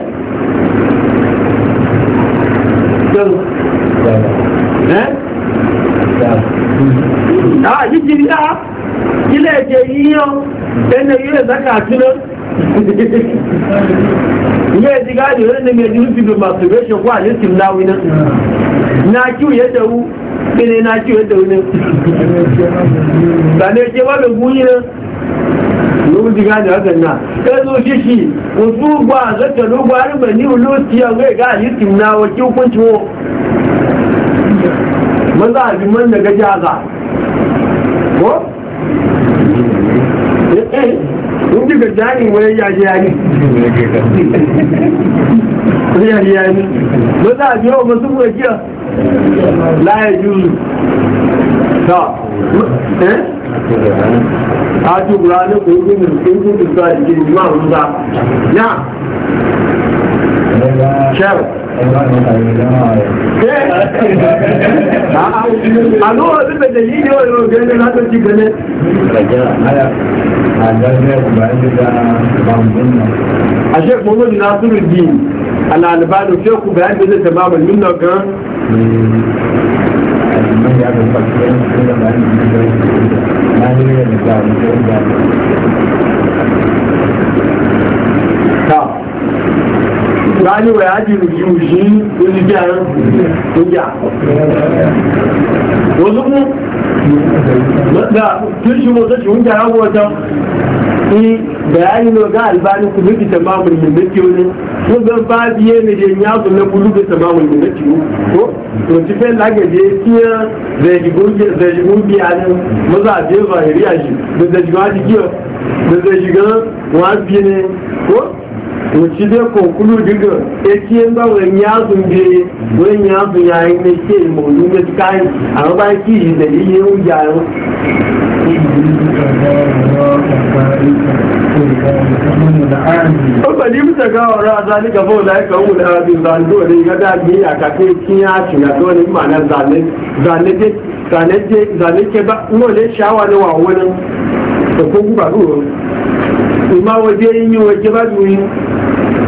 Speaker 1: da zaka tunan ya ji gani wani da na na ya dawo ne na ya ne ba ne ke ba da guyi nan lórí ti gáàdì ọ̀tẹ̀ náà ẹzù ṣíṣì òtúgbà àzọ́tẹ̀lógbà arìnbẹ̀ ní ti in duka jani wani yaje yani wani yaje yani ba za a biya wa jiya ya juzu ta eh a kyau a zuwa zuba da yi ne wani rogen da na ci gane a shek muhammadu nasiru din al'albanu shekku bayan da zai tamama nuna gan ya Báyìí wẹ̀ á di ìrùjú yí lórí bí àrùn tó jà. ko lọ́gbà tí ṣe mo sọ́ṣì ń jàrá wọ́n tán, ní bẹ̀yàní lọ gá àlìbáni kú albani tẹ̀máwò ìlú méjì ó ní. Wọ́n gbẹ́ bá bí yé mi yẹn nya tó lẹ́kú lúgbẹ́ tẹ̀máwò ìlú méjì ó. Ó tó ti fẹ́ lágẹ̀dẹ̀ tí ẹ zẹ̀jìgbó ń bí àná, mọ́sá àti ẹ̀fà ìrí àjì, zẹ̀jìgbó á ti kí ọ, zẹ̀jìgbó wọn biye ne ko. wuci zai kokulu diga ya ci yin ba wani yasun biye wani yasun ya yi na ke maudu na kayan amma ba ki yi da yi yin gyaran Ọgbàdí mú tẹ̀gá ọ̀rọ̀ azálí gàbọ̀ láìka ń wùlẹ̀ àti ìzàndó ní ìgbádá gbé àkàkẹ́ kí á ṣìyà tó ní màá náà zàlẹ́jẹ́ bá ń lè ṣáwà ní wà wọ́n náà. Òkú gbàgbọ́. Ìmáwọ́dé yín wọ́n jẹ́ bá dùn yín.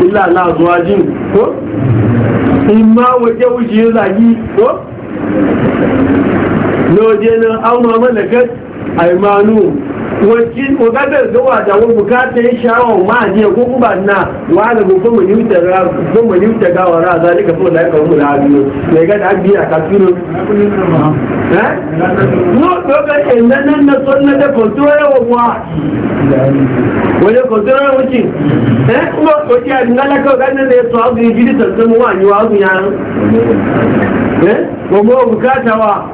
Speaker 1: illa zuwa zuwajin ko in ma waje wuce ya zagi ko na waje na auma malakat aimanu wadanda zuwa da wani bukatar shawon ko kuma na wani ko kuma yuta gawa ra za ni ka so da ya kawo mula mai gada an biya ka tuno no nan na son na da kwanto yawa kuwa wani kwanto ya wuce eh kuma kwanci a dingala kawai ganin da ya tsawo ga yi jiri san wa wani wa ya eh ko bukata wa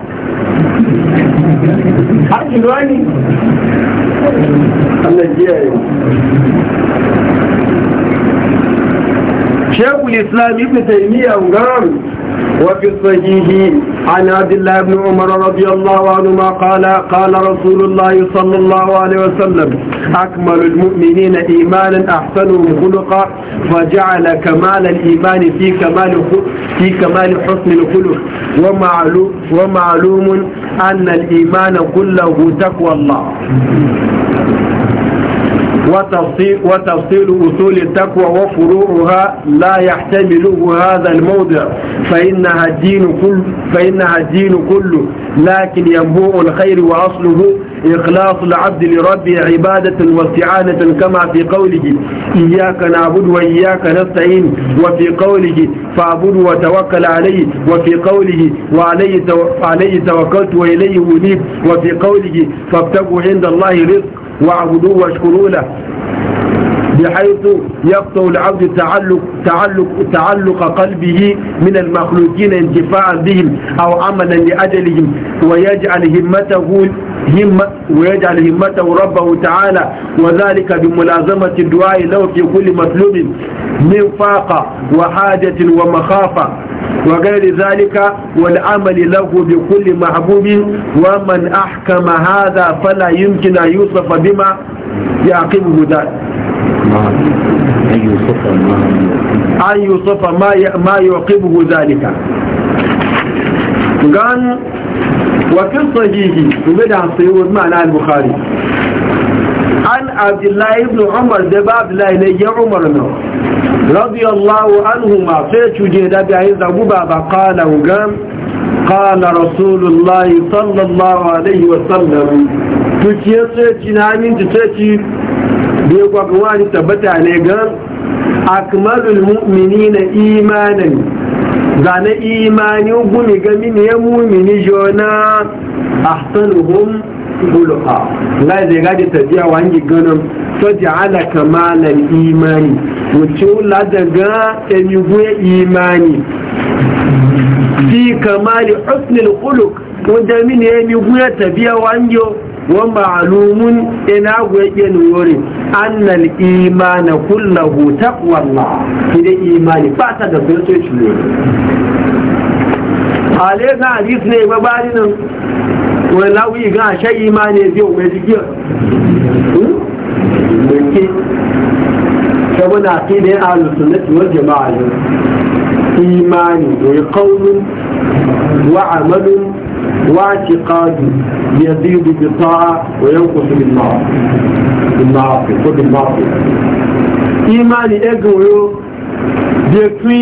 Speaker 1: شيخ الإسلام ابن تيمية قال وفي الصحيح عن عبد الله بن عمر رضي الله عنهما قال قال رسول الله صلى الله عليه وسلم أكمل المؤمنين إيمانا أحسنهم خلقا فجعل كمال الإيمان في كمال في كمال حسن الخلق ومعلوم ومعلوم أن الإيمان كله تقوى الله وتفصيل أصول التقوى وفروعها لا يحتمله هذا الموضع فإنها الدين كل فإنها الدين كله لكن ينبوع الخير وأصله إخلاص العبد لربه عبادة واستعانة كما في قوله إياك نعبد وإياك نستعين وفي قوله فاعبد وتوكل عليه وفي قوله وعليه توكلت وإليه أنيب وفي قوله فابتغوا عند الله رزق واعبدوه واشكروا له بحيث يقطع العبد تعلق تعلق تعلق قلبه من المخلوقين انتفاعا بهم او عملا لاجلهم ويجعل همته هم ويجعل همته ربه تعالى وذلك بملازمة الدعاء له في كل مطلوب من فاقة وحاجة ومخافة وغير ذلك والعمل له بكل محبوب ومن أحكم هذا فلا يمكن أن يوصف بما يعقبه ذلك أن يوصف ما ما يعقبه ذلك قال وفي الصحيح ومدع الصيور معنى البخاري an abdullahi ibn umar da ba abdullahi ne ya umar nan radiyallahu anhu ma sai cuje da bayan zagu ba ba kala gam kala rasulullahi sallallahu alaihi wasallam tuciye sai ci na aminci sai ci bai kwakwa ni tabbata ne gan akmalul mu'minina imanan zane imani gumi ga mini ya mumini jona ahsanuhum khuluqa la zai gadi tabiya wangi ganin ji ja'ala kamalan imani wuce la daga emigu imani fi kamali husnul khuluq wanda min ya emigu tabiya wangi wa ma'lumun ina gwaye nuri annal imana kullahu taqwa Allah idan imani ba ta da sai ce ne ale ga hadis ne ba bari nan wọ́n láwí ìgá àṣẹ yìí máa ní ẹbí òun ẹbí gíọ̀ lókè ṣẹ́wọ́n náà kí ní alùsùn lẹ́tì wọ́n jẹ máa lọ ìmáàní òye kọ́ọ̀lù wà àmọ́lù wà ti káàdù bí ẹbí ibi ti tọ́ a òye ń sí ìmáàfẹ́ kó bí máàfẹ́ ìmáàní ẹgbẹ̀ òyò bí bí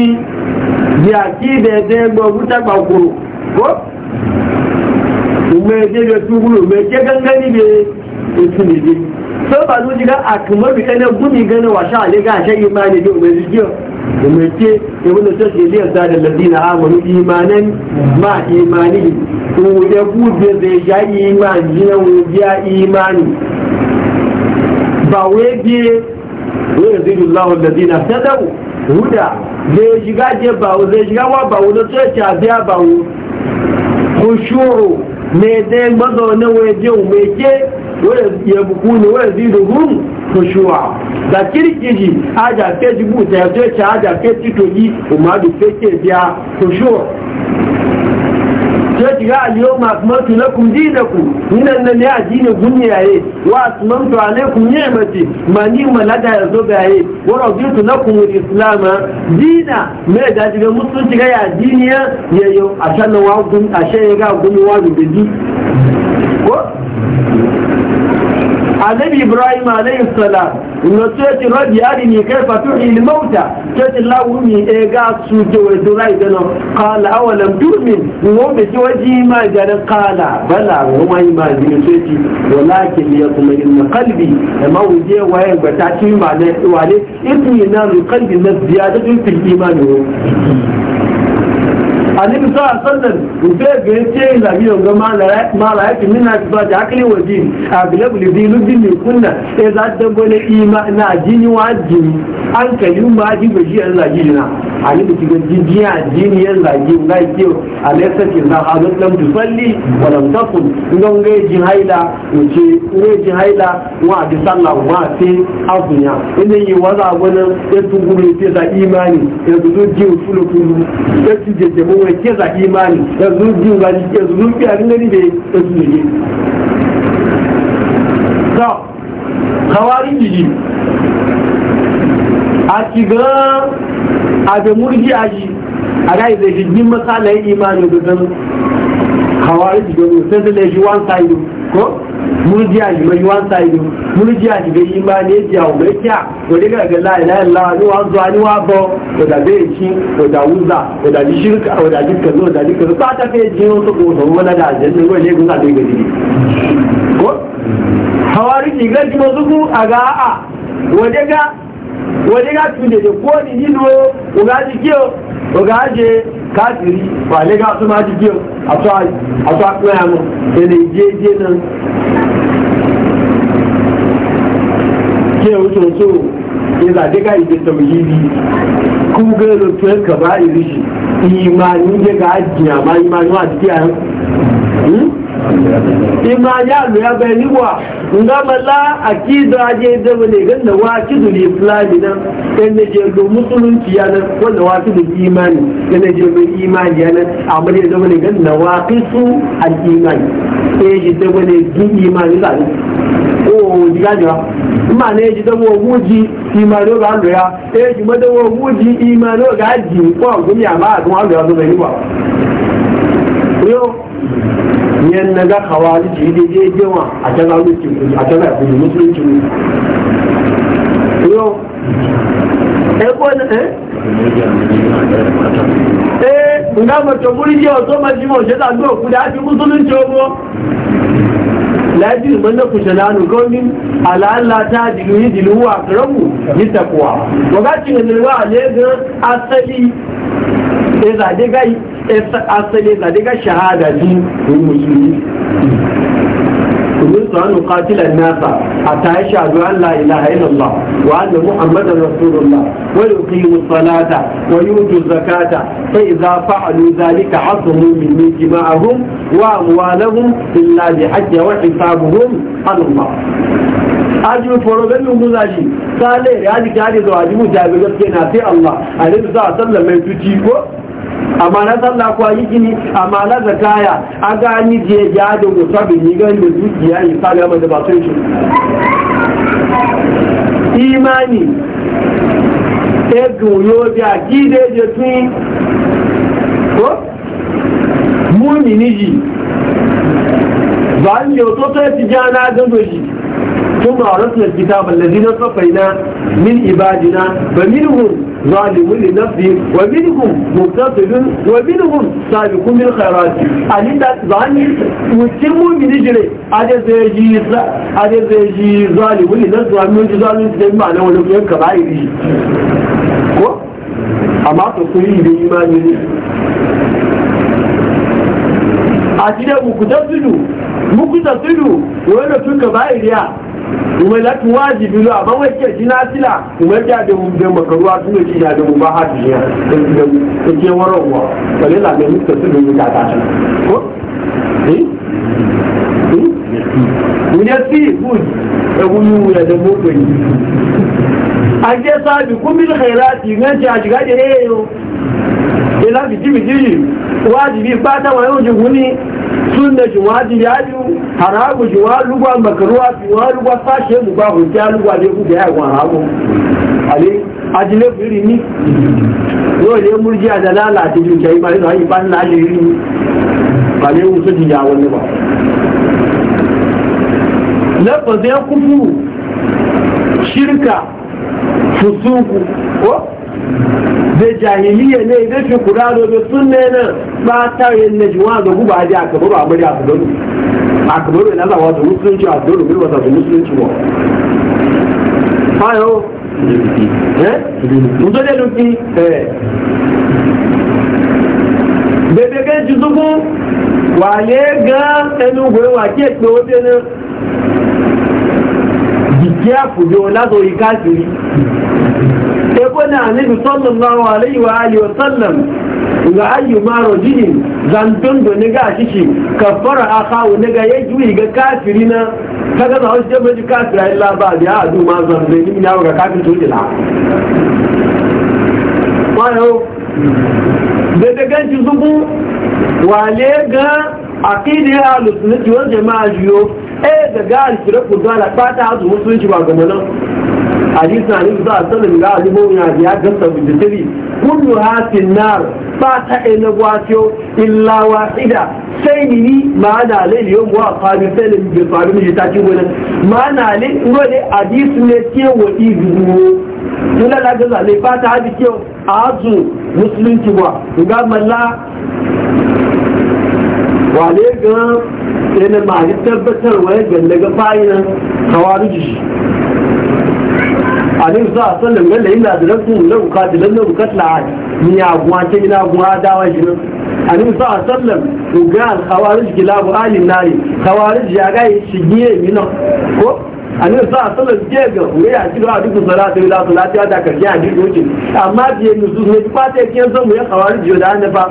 Speaker 1: mẹ́jẹ́ bẹ túgbùrù mẹ́jẹ́ gangani bẹ ètù nìdí sọ́bà ló jìlá àkùnmọ́bì ẹnẹ gúnmi gánà wà sáà lé gáàṣẹ́ yìí máa nìdí òmè jíjọ́ òmè tí ewu lọ sọ́sì ilé ọ̀sá àdàlẹ̀ bí na ma imani máa ìmánì òwò jẹ́ kú bẹ̀rẹ̀ ìyá ìmánì jìnà òwò jẹ́ ìmánì bàwé bí wọ́n yẹ̀ láwọn lẹ́dínà sẹ́dẹ̀wò rúdà lè ṣìgá jẹ́ bàwó lè ṣìgá wà bàwó lọ́tọ́ ẹ̀ṣẹ̀ àbí àbàwó kò me dai mazaunin waje umarke ya buku ne wa zidu hun kushuwa da kirkiri ajafe jibuta ya zai ce ajafe titoyi umaru feke biya kushuwa sai ki ga aliyo akmaltu lakum dinakum ina nan ne ajini gunyaye wa atmamtu alaykum ni'mati mani malada yazo gaye wa raditu lakum al-islam dina me da diga musulunci ga ya diniya yayo a sanan wa gun ashe ga gun wa bidi ko النبي إبراهيم عليه السلام إنه سيئة ربي أرني كيف تحيي الموتى سيئة الله أمي إيقاط سجوة دلائد قال أولم تؤمن وهم سواجه ما جانا قال بلا وهم ما جانا سيئة ولكن يطمئن قلبي ما وديه وهي بتعتيم عليه إثني نار القلب الناس زيادة في الإيمان annabi sa sallan ube ga yace labi ga malaiki minna ba da akli waji a bilabu libi lubin ne kunna sai za ta bane ima na jini waji an kalim ba ji ba ji Allah ji na annabi ki ga jijiya jini yan lagi ga ki alaysa ki na hazat lam tusalli wa lam takun ngon ga ji haila uce ne ji haila wa bi sallah wa sai azunya ina yi waza wani ya tugure sai da imani ya zuji usulu kulu ya ci jejjebo wa imani da ba ke a rinda ne da ya ne kawari jiji a shiga murji a a zai yin imani da zan kawari jiji sai shi side ko murjiya ji mai wan sai murjiya ji bai imani ji au bai kya ko daga ga la ilaha illallah ni wan zuwa ni wa bo ko da bai ci ko da wuza ko da shirka ko da dukkan zo da dukkan ba ta kai ji wasu ko da wala da aljanna ko ne gusa dai gari ko hawari ji ga ji mazuku aga a waje ga wani ga tun da ko ni yi lo o ga ji kiyo o ga je kafiri ba le ga su ma ji kiyo a to a to ko ya mu ne je je nan ke o to so ya za de ga ide tauhidi ku ga lo to ka ba iri shi imani ga ga ji ma imani wa ji ima ya lu ya bayani wa nga akida aje da wani islami nan kan ne je do musulunci ya nan wanda wa imani kan e ne je imani ya nan amma ne da wani wa al da wani imani o ma ne da e imani ga ya e ma da imani ga ji ko gumi ga wa ya do yo yẹn na ga kawari ti ilé yé dé wọn àtẹ́lá ló ti kùn àtẹ́lá ìkùn mùsùlùmí ti wù. yóò ẹ kọ́ ẹ. ee nga mọ̀tò múrí jẹ́ ọ̀tọ́ máa jí mọ̀ ṣe tàbí òkú dá sí mùsùlùmí ti wù. láti ìmọ̀ náà kò ṣẹlẹ̀ àánú àlàálà tá a dìlú yìí dìlú wà kúrọ́mù ní tẹ̀kùwà. wọ́n ti àlẹ́ gan-an asali na daga shahada ji musulmi kumin tsoron nukatilan nasa a ta yi shaɗu an la ilaha illallah wa anna muhammadan rasulullah wa yuqimu salata wa yutu zakata fa idza fa'alu dhalika asamu minni jima'ahum wa amwalahum illa bi hajji wa hisabuhum ala allah ajiyu foro ganin muzaji sale ya ji gari da mu jabi gaske na sai allah za a sallam mai tuci ko amma na sallah kuwa yi gini amma na zakaya a gani je ya da musabin yi gani da dukiya yi sa da batun shi imani egun yóò bí àgídé jẹ tún kó múmi níyì bá ń lè òtótó ti jẹ́ aná agbẹ́gbẹ̀ ثم عرفنا الكتاب الذي نصفينا من عبادنا فمنهم ظالم لنفسه ومنهم مقتصد ومنهم سابق الخيرات أنت ظاني وتم من جري هذا زيجي ظالم لنفسه ومن ظالم لنفسه ولو كان كبائره amma ka kuri da imani ne a cikin muku ta tudu muku ta tudu kuma za ta wajibi zuwa ban wacce shi na sila kuma ta da mu da makaruwa sun yi shi da mu ba ha shi da ta ke wararwa bale la da muka su da mu ta tashi ko eh ne si food da mu ya da mu ko yi a je sabi kun bil khairati nan ta shiga da eh yo ila bi jibi jibi wajibi ba ta wayo jihuni sunna wajibi ajiu haramu ji wa lugwa makaruwa fi wa lugwa sashe mu ba hujja lugwa ne ku da yawan hagu ale ajile firi ni yau ne murji a dalala ta ji kai ba yana yi ban na ajiri ni ba ne wuce ji ya wani ba lafazin ya kufu shirka fusuku ko da jahiliya ne da shi kurano da sunne na ba ta yin najwa ga guba ji aka ba ba mu da aka gano àkùnrin rẹ̀ náà wọ́n tó mùsùlùmí àti olùgbé wọ́n tó mùsùlùmí wọ̀. fáyọ̀ ǹjọ́dé ló fi bèbè kẹ́ ju tukú wà lé gan ẹnu gbé wà kí èpè ó dé náà jìkí àfùjọ látòrí káàkiri. Ebo náà níbi sọ́lọ̀ náà wà léyìí wà á lè ga ayyu ma jini zantun da ni ga shi kafara akawu ni ga yaji ga kafiri na kaga za su jama'a kafira illa ba da ya du ma zai ni ya ga kafiri to dila wayo da da ganci zubu wale ga aqidi ahlus sunnati wal jamaa jiyo eh da ga alfiraku dala fata su musulunci ba gamanan hadisi na nufi za a sanin ga alibomi a biya gasa bujitiri kullu hatin nar fata ina gwatiyo illa wahida sai ni ni ma'ana le liyo mu a faru sai le bi faru mi ta ci gona ma'ana le ngo le hadisu ne ke wadi zuwo kula la ga le fata hadi ke azu musulunci wa ga malla wale ga yana ma tabbatarwa ga daga fa'inan kawari alim za a galla gan da da lakum da uqatilan na uqatla ni ya guwa ce ila guwa dawa shi alim za sallam ku ga al khawarij kilabu alin nari khawarij ya ga shi giye mino ko ani sa sallan je ga wuri a cikin hadisin salatu ila salati da a hadisi yake amma je nusu ne ba ta yake yanzu mu ya kawari jiyo da annafa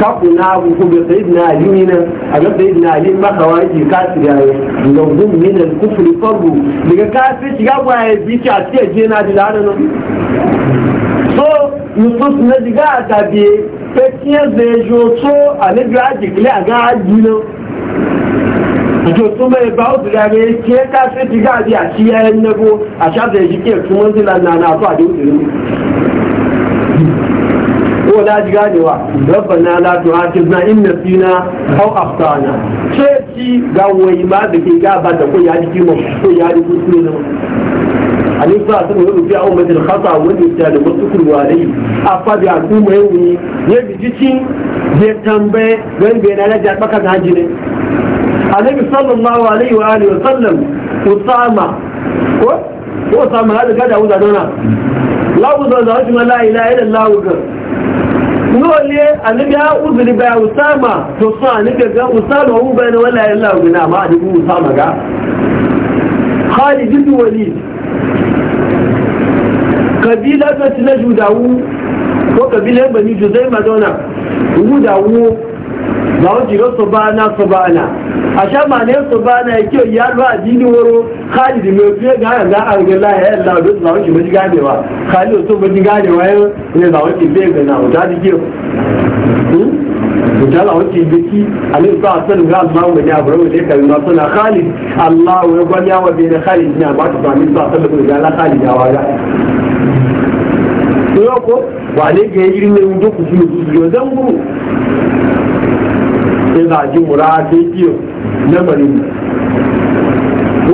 Speaker 1: ka kuna ku ga sayyidina ali ne a ga sayyidina ali ma kawari ka tsira ne ga gum min al kufr farbu daga ka sai shiga gwaye bi ta ce je na da nan so nusus na diga ta biye ta kiyar zai jo so a na a jikile a ga hajji nan to kuma bai ba su gane ke ka ti a shi yayin nago a sha da shi ke kuma zila na na so a da wuce ko da ji ganewa rabbana la tu'akhizna in nasina aw akhtana ce ci ga wai ma da ke ga ba da ko ya ji kimo ko ya ji kuskure ani sa sun yi rufi a umarin khata wani ta da wasu kurwalai a fadi a kuma yau ne ya bi jikin bai na da jaɓa annabi sallallahu alaihi wa alihi wa sallam usama ko ko usama hada kada uza dona la uza da shi la ilaha illallah ga nole annabi ya uzuri bai usama to so annabi ga usama hu bai wala illallah na ma annabi usama ga Khalid ibn Walid kabila ta tilaju dawo ko kabila bani Juzai Madonna dawo ba wajen soba na soba na àṣà màá ní ẹ̀sùn bá a jini woro alọ́ àdínní wóró káàdì mi ò fi ẹ̀ gáà gáà àrùn láì ẹ̀ là ọdún tó làwọn ṣùgbọ́n ti gane wa káàdì òtún bó ti gáàdì wa ẹ̀ ní làwọn ti bẹ́ẹ̀ gbẹ̀ náà ọ̀dà ti na o. ọ̀dà làwọn ti gbé kí àlejò àtẹnu gáà máa wẹ̀ ní àbúrò su ní kàrí ma sọ́nà káàdì aláwọ̀ ẹgbẹ́ ní àwọn bẹ̀rẹ̀ káàdì ní àbátùbà mi sọ àtẹnu wà ní gẹ̀ẹ́ yìí ní zan dókùtù yóò zẹ́ngbù ṣe bàjẹ́ mùrà àti kiyo. na marini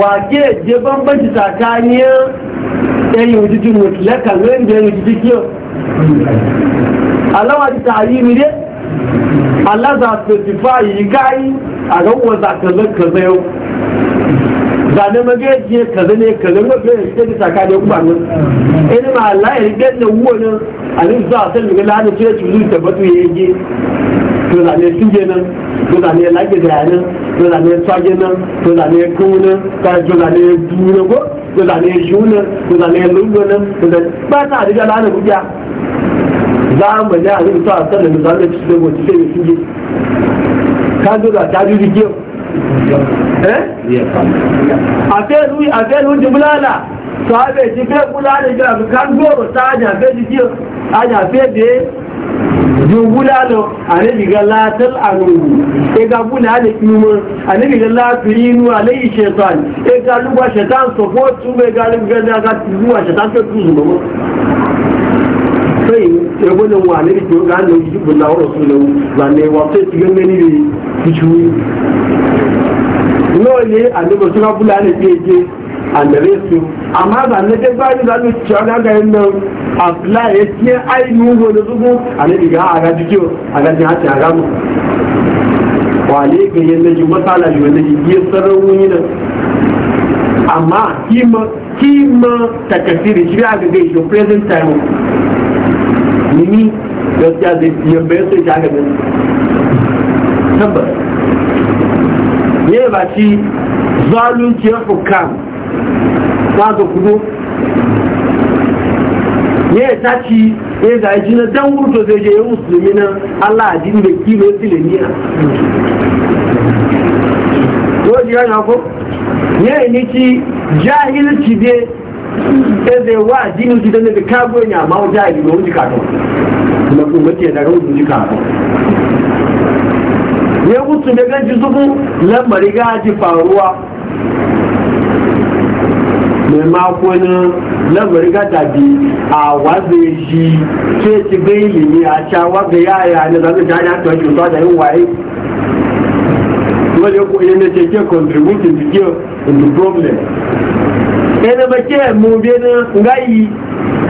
Speaker 1: wake je bambanci tsakaniyar ɗan yujijin mutlakan wanda ya yujijin kiyo alawa ta tarimi ne Allah za su tifa yi gayi a rawar za ka zan ka zayo zane magaji kaza ne kaza ne kaza ne kaza tsakanin kwanin ina ma Allah ya rigar da wuwanin a za a san daga ce ya zuwa tabbatu ya yi to da ne tuje nan to da ne lage da to da ne tsage nan to da ne kuna ka to da ne dure ko to da ne shuna to da ne lungo nan to da ba ta da lana gudiya za mu ja a rubuta a sallar da zalunci da gobe sai mu tuje ka zo da ta jirgi eh a fe ruwi a fe ruwi jumlala sahabe ji fe kula da ga kan goro ta ja fe ji be jungula no anabi ga latal anuhu e ga bula da kuma anabi ga shaitan e ga lugwa shaitan so ko tu be ga da ga shaitan sai e wa ne to ga ne ji bula wa rasulullahi ba ne wa sai ti ga meni bi kichu no ne anabi to ga bula ne ke je a the rest amma ba ne ga ba ni da ga yin nan e afla ya ce ai nuhu da zubu a na diga a gaji kiyo a gaji hati a gamu wale ga yadda ji matsala ji wanda yi sararun yi nan amma kima kima takasiri shi aka gai shi present time nini gaskiya zai yamma ya sai shaga nan tabbas ne ba ci zalunciyar hukam ta ga kudu ya yi taci ya ga ji na dan wurto zai je ya musulmi nan Allah addini da kima ya silemiya Yoji yana ko? Ya ya yi niki jahilci ne ya zai wa addini gidan da kago ya ma wata a gidan wuji kato na kuma ya daga wuji kato ya wutu da ganci zuku lamari gaji faruwa mai makonin lamarin gata bi a wazai shi ke ci bai limi a cewa ga yaya ne zanen jani hata wajen sa da yin waye wale ko yana ce ke contributing to ke the problem ene ba ke mu bi na ngai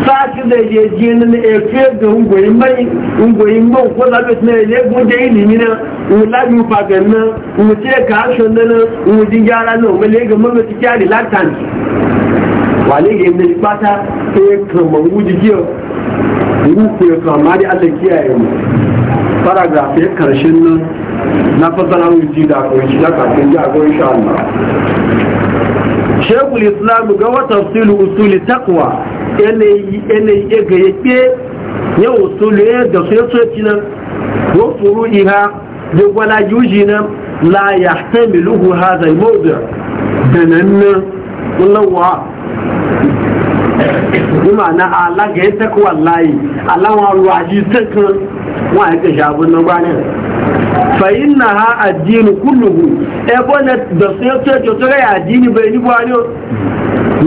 Speaker 1: sa ci da je je na e fe ga ungoyin mai ungoyin ba ko da bet ne ne go je ilimi na u la yu pa ga na mu ce ka shon na mu jin gara no mu le ga mu ci kyari latan wale ga yadda fata ta ya kama wuji jiya ruku ya kama da allah kiyaye mu paragraf ya karshen nan na fasara wuji da akwai shi da kafin ji akwai insha Allah shekul islam ga wata usulu usuli takwa yanayi ya ga yake ya usulu ya da su ya soci nan ko furu iha da gwala yuji nan la ya tamiluhu hazai mawdu da nan nan lọ́wọ́ nígbà náà alágẹ̀ẹ́ tẹ́kọ̀ wà láàyè aláwọn ọrọ̀ àjí tẹ́kan wọ́n àìkẹ̀ ṣàbọ̀ nọgbà náà fàyín náà ha àdínú kúlùkù ẹgbọ́ na dọ̀sán tó ẹjọ́ tó rẹ̀ àdínú bẹ̀rẹ̀ níbo a yóò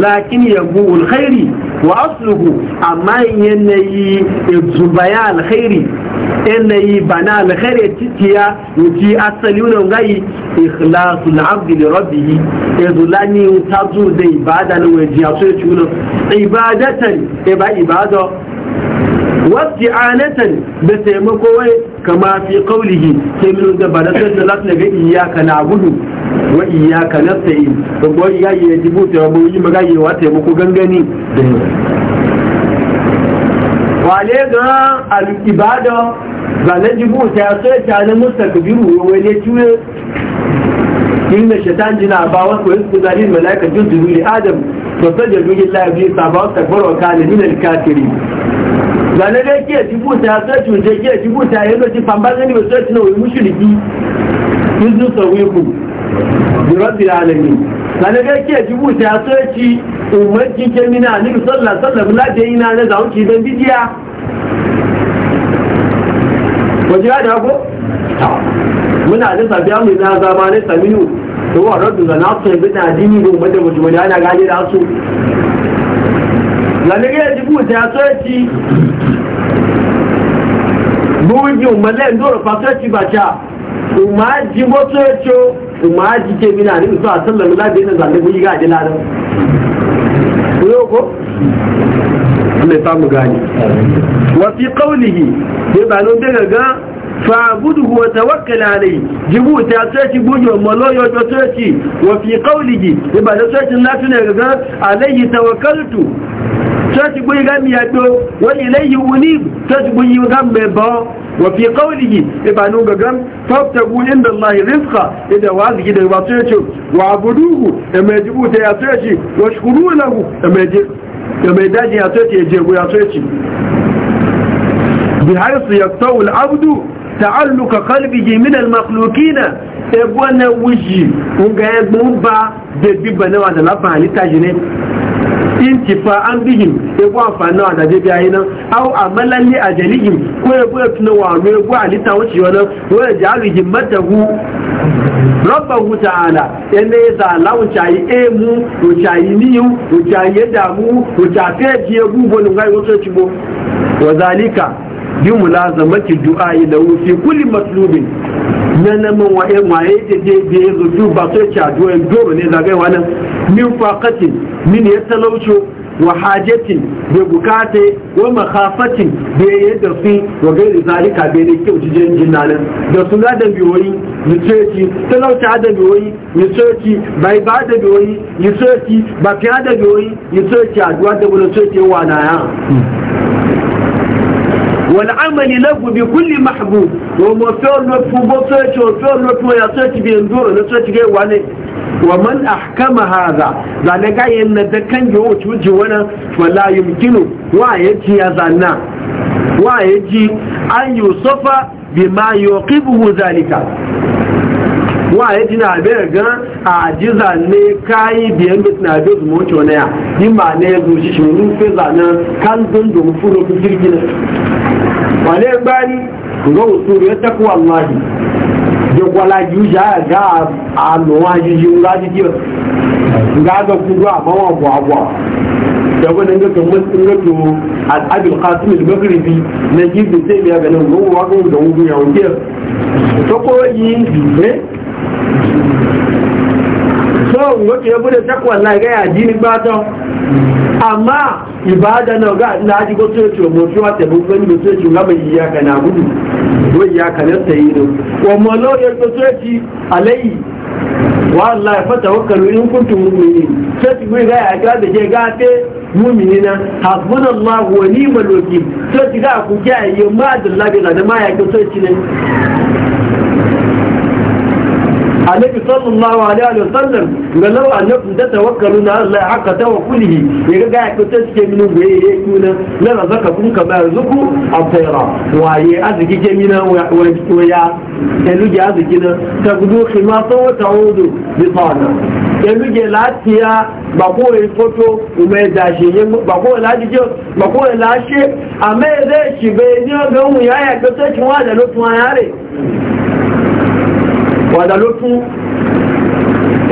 Speaker 1: lákín yẹ̀gbù alkhairi wà ìyẹn na ètùbáyà alkhairi yanayi ba na alkhari titiya wuci asali wunan gai ikhlasul abdi li rabbih izlani tazu da ibada na waje so ya wani ibadatan e ba ibada anatan da taimako wai kama fi kaulihi sai mun da baratar da lafiya ga na gudu wa iyyaka nasta'in ko ya yi jibuta ba yi magayi wa taimako gangani da wale ga al-ibada ga na jibu ta sai ta na mustakbiru wai ne tuye inna shaitan jina ba wa ko yasu zalil malaika juzu li adam to sajadu lillahi bi sabaw takbar wa kana min al-kafirin ga na ke jibu ta sai tuje ke jibu ta yadda ci famban ne ba sai tuna wai mushriki yuzu sawiku rabbil alamin sanan ga ke jibu ta so ci umar kike mina ni sallallahu alaihi wasallam ina na zaun ki dan bidiya waje ya da ko muna da sabiya mai na zamanin saminu to wa rabbi da na so bi da dini go mada mujmani ana gaje da su lalle ga jibu ta so ci buji umar le ndoro ma ke mina ni zuwa sallar la na zalle buyi ga jila da ko ko Allah ya samu gani wa fi qawlihi sai ba non daga ga wa tawakkal alayhi jibu ta sai yo sai wa fi qawlihi sai ba sai na tuna ga alayhi tawakkaltu sai buyi ga mi wa ilayhi unib sai ga me ba وفي قوله ga غغم فابتغوا عند الله رزقا اذا وازي da wato yace wa'buduhu da mai jibuta ya so yace washkuru lahu da mai da mai daji ya so yace je go ya so yace bi haythu yaqta'u al-'abdu ta'alluqa qalbihi min al-makhluqin ebwana wuji unga egbun ba de bibana da lafa halita jine intifa an bihim ebo amfani na wadaje bi ayi nan a malalli a ajalihim ko ya ebo tuna wa ko a lita wuce yi wa hu rabba hu ta'ala ene za la wucayi emu wucayi niyu wucayi damu wucafe je gubo ngai wato cibo wa zalika bi mulazamati du'a da fi kulli matlubin nana nama wa'e wa'e je je bi zuwa ba sai cha du'a doro ne zagaye nan, min faqatin min ya talauco wa hajatin bai bukata wa makafatin bai yadda su wa gairi zalika bai da kyau cijin jinnanin da su ga da biyoyi nisoci talauta da biyoyi nisoci bai ba da biyoyi nisoci ba fiya da biyoyi nisoci a duwa da wani soci wa na ya والعمل له بكل محبوب وما فيه لطف بصيرش وفيه لطف يا صيرش بيندور نصيرش جاي wa man هذا ذلك zane ga yanna da kan ji wuce wuce wani fala yumkinu wa ya ya zanna wa bima wa na bai gan a ji kayi biyan da na bai zuma wuce wani ya yi ma ne ya zuci shi fi zanen kan furo fi jirgin ya ga wasu ya takwa Allahi je kwala juja ga a nuwa jiji nga jiji nga ga kudu a mawa buwa buwa da wani ga kamar sun ga to al'adul qasim al-maghribi na jibin sai ya ganin ruwa ga da wudu ya wuce to ko yi ne so ngoto ya bude takwa na ga ya jini gbato amma ibada na ga na gudu wai ya kanasta yi ne wa malo ya tsoce ci alayi wa Allah ya fata wakalu in kuntum mu'minin sai ci ga ya ga da ke gafe mu'minina hasbunallahu wa ni'mal wakeel sai ga ku ga yi ma da Allah da ma ya tsoce ci ne النبي صلى الله عليه وسلم قال له أنكم تتوكلون على الله حق توكله يرجعك تسكي منه بيه يكون لا لرزقكم كما رزقوا الطيرة وهي أذكي جمينا ويا تلوجي أذكينا تقدو خماسا وتعود بطانا تلوجي لاتيا بقوة الفوتو وما يداشي بقوة لاتيا بقوة لاتيا أما يداشي بيدي وقوم يايا كتش وانا نتوانا عليه wanda lokacin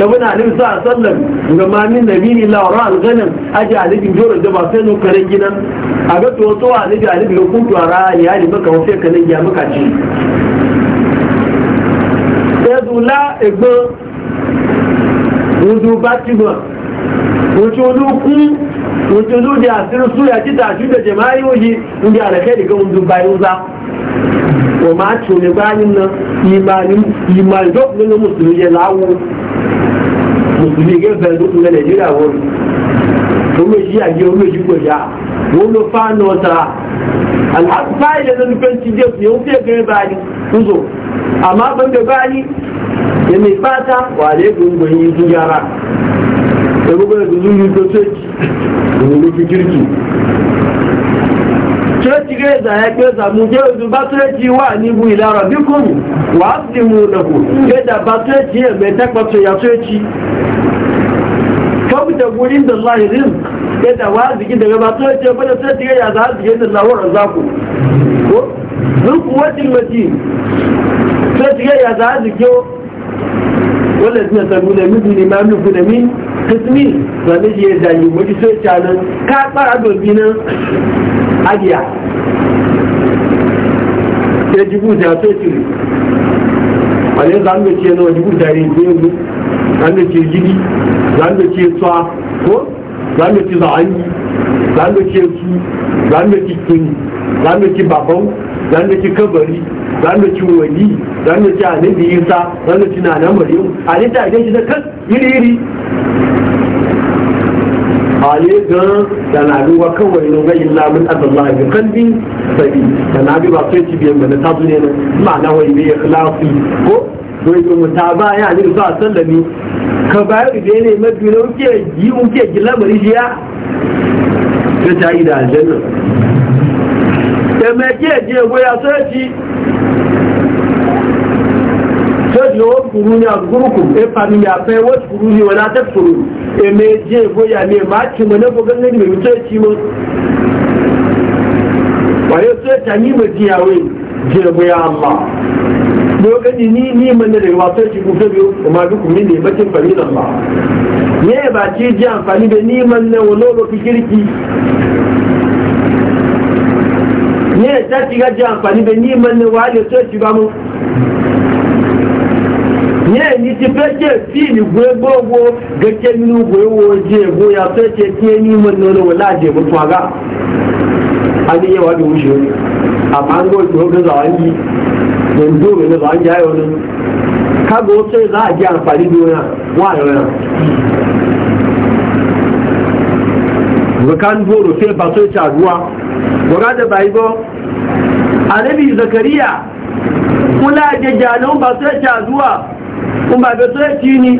Speaker 1: ibn alim sa sallam ga mamin nabi ne la ra alganan aji alibin joro da ba sai no karen gina a ga to to alibi alibi ko kuntu ara ya ali maka wafe karen ya maka ci edula egbo wudu batima wuce wani hukun wuce wani da asirin suya ci tashi da jama'i wuji inda alakai daga wudu bayan za wọ́n máa tún ní báyìí ná ìmọ̀ ìjọ́kùnrin ní mùsùlùmí yẹn láwọ́ mùsùlùmí gẹ́gẹ́ lókun lẹ́ nàìjíríà wọ́n omi èyí àjẹ omi èyí kò yá wọ́n ló fáànù ọ̀tà àlàáfáà ilẹ̀ lórí pẹ́ntì dé òfin òun fi ẹgbẹ́ báyìí ń sọ àmọ́ abẹ́gbẹ́ báyìí èmi pátá wà lẹ́gbẹ̀ẹ́ gbòyìn tó yára ẹgbẹ́gbẹ́ ìdúró yìí tó tẹ́jì òun ló fi kírìkì gẹ́ẹ̀dà ẹgbẹ́ ìsàmù jẹ́ ojú bátúrẹ́tì wà níbu ìlara bí kò mù wà á sì mú lọ́kù gẹ́ẹ̀dà bátúrẹ́tì ẹ̀mẹ́ tẹ́pọ̀tọ̀ yàtúrẹ́tì kọ́pùtẹ̀ gúrí ń wà á zìkí dẹ̀gbẹ́ bátúrẹ́tì ọgbẹ́dẹ̀ tẹ́tì gẹ́ẹ̀dà á zìkí dẹ̀lá wọ́rọ̀ hajiya ya jibu da sai ciri wale za mu ce nawa jibu da ne ne za mu ce gidi za mu ce tsawa ko za mu ce za'angi za mu ce su za mu ce kini za mu ce babau za mu ce kabari za mu ci wali za mu ci annabi isa za mu ci nanan maryam a ne ta shi da kan iri iri wale gan da na duwa kawai no ga illa min Allah bi sabi da ba sai ci biyan mana tabu ne ma'ana wai bi ikhlasi ko ya ni sa sallami ka bayar da ne mafi na yi uke gila ta ta yi da aljanna ẹ̀mẹ́ kí ẹ̀jẹ́ ìwéyà sẹ́ẹ̀tì sẹ́ẹ̀tì owó kúrú ní àgbúrúkù ẹ̀pàmìyà fẹ́ wọ́n kúrú ní wọ́n eme je goya ne ma ci mana ko ganin mai wuce ci mu wayo sai ta ni ba ji yawe je goya amma lokaci ni ni mana da wato ci ku fabiyo kuma duk min ne bacin farilan ba ne ba ci ji amfani da ni man ne wolo lo kirki ne ta ci ga ji amfani da ni man ne wale sai ci ba mu yẹn ní ti fẹ́ jẹ́ fíìlì gbogbo gẹ́gẹ́ nínú gbogbo ojú ègbó yàtọ̀ ẹ̀kẹ́ tí ẹ ní mọ̀ nínú wọn láàjì ègbó fún aga adéyẹwà ló ń ṣe orí àmàngó ìṣòro làwọn ń yí lòdù òwe ni làwọn ń jẹ́ ayọ̀ ní kágo ó sẹ́yìn láàjì àǹfààní bí wọn wà rẹ̀ rẹ̀ bukan boro sai ba so ta ruwa gora da baibo annabi zakariya kula da jalon ba so ta kuma da tsoci ni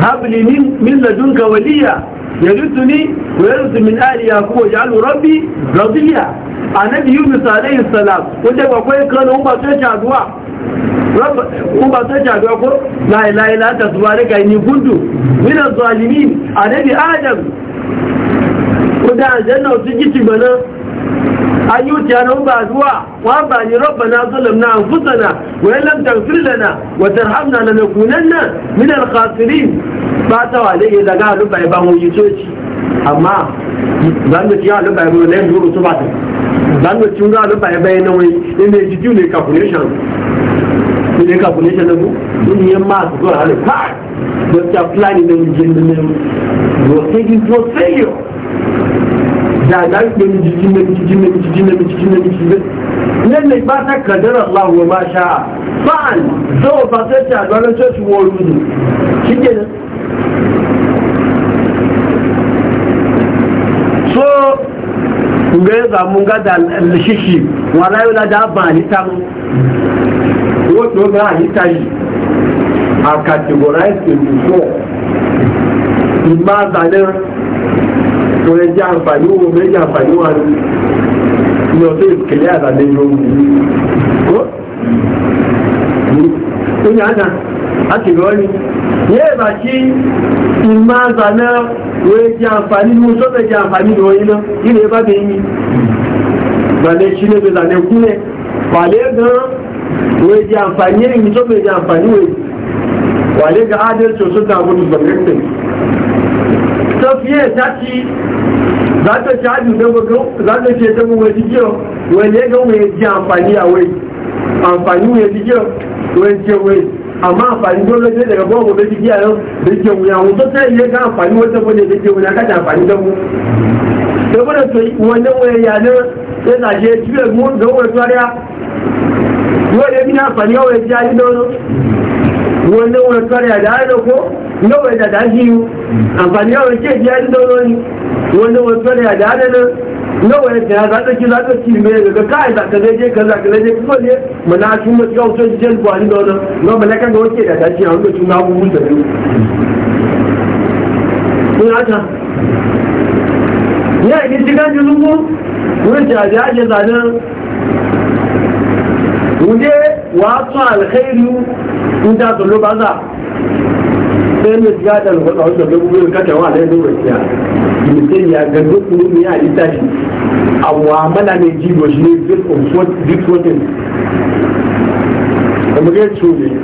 Speaker 1: habli min ladunka waliya yarithuni wa yarithu min ali yaqub waj'alhu rabbi radiya annabi yunus alayhi salam wanda ba kai kan umma ta jaduwa rabba umma ta jaduwa ko la ilaha illa ta tabaraka inni kuntu min az-zalimin annabi adam janna su bana ayyuka nan ba zuwa wa ba ni rabbana zalamna anfusana wa lam taghfir lana wa tarhamna lanakunanna min al-khasirin ba ta wale ya daga lu bai ba mu coci. amma dan da ya lu bai mu ne duru su ba ta dan da tun ga lu bai bai ne wai ne ji ju ne calculation ne calculation ne ku ne ma su ko hal ka da ta plan ne ne ne ne ne ne ne ne ne jami'an ɗin jiki na jiki na jiki na ba ta kadar Allah wa ma sha'a fa'al zo ba ta ta wa shi ke nan so ga ya zamu ga da shishi wala yau da ba ni ta mu wato ga ni ta yi a categorize in before zanen wọ́n lè jẹ́ àǹfààní wo lè jẹ́ àǹfààní wa ní ọdún ìkẹlẹ́ àtàlẹ́ yóò wù ó ní àná àti ni yẹ́ ìbà kí ìmá àzànà wọ́n jẹ́ àǹfààní mú sọ́bẹ̀ jẹ́ àǹfààní lọ iná ilẹ̀ bá bẹ̀ yìí gbàlẹ̀ ṣílẹ̀ bẹ̀ lànà kúnlẹ̀ wàlẹ́ gan wọ́n jẹ́ àǹfààní ẹ̀yìn sọ́bẹ̀ jẹ́ àǹfààní wẹ̀ wàlẹ́ gan adẹ́sọ̀ sọ́dọ̀ àbúrò sọ̀rẹ́sẹ̀ tó fi ẹ̀ sáti látọ̀ ṣáájú látọ̀ ṣe tẹ́gbọ́n wọ́n ti jẹ́ wọ́n lé gan wọ́n jẹ́ àǹfààní àwẹ̀ àǹfààní wọ́n ti jẹ́ wọ́n jẹ́ wọ́n àmọ́ àǹfààní tó lọ́jọ́ daga bọ́ọ̀mù bẹ́ẹ̀ ti jẹ́ àyọ́ bẹ́ẹ̀ jẹ́ wọ́n àwọn tó tẹ́ ilé gan àǹfààní wọ́n wani lè jẹ́ wọ́n akájà àǹfààní dẹ́gbọ́n tẹ́gbọ́n tó wọ́n ní wọ́n yà ní ẹ̀sà ṣe tí ya gbọ́n wọ́n tó rí wannan wani tsariya da hada ko yawai da dashi yi amfani yawon ce biya da daunoni wannan wani tsariya da hada nan yawai da ya za ta zaɗa ki mai daga kai za ka zaje ka za ka zaje kuma ne mana shi masu yawon sun jel buwani da wannan ma mana kan ga wake da dashi a wanda sun na abubuwan da biyu. Kun haka? Ya idan shiga jirgin wurin da ya ce zanen wuje wa su alkhairu ta dá sọ ló bá sà bẹ́ẹ̀ni ti yá dànù wọ́n sọ̀rọ̀ sọ̀rọ̀ gbogbo kàtà wà lẹ́nu rẹ̀ sí à ìmùsẹ̀ yà gẹ́gẹ́ kúrú ní àyíká yìí àwọn amánà ní jí lọ sí ní bíkọ́tìn ọmọdé tún yìí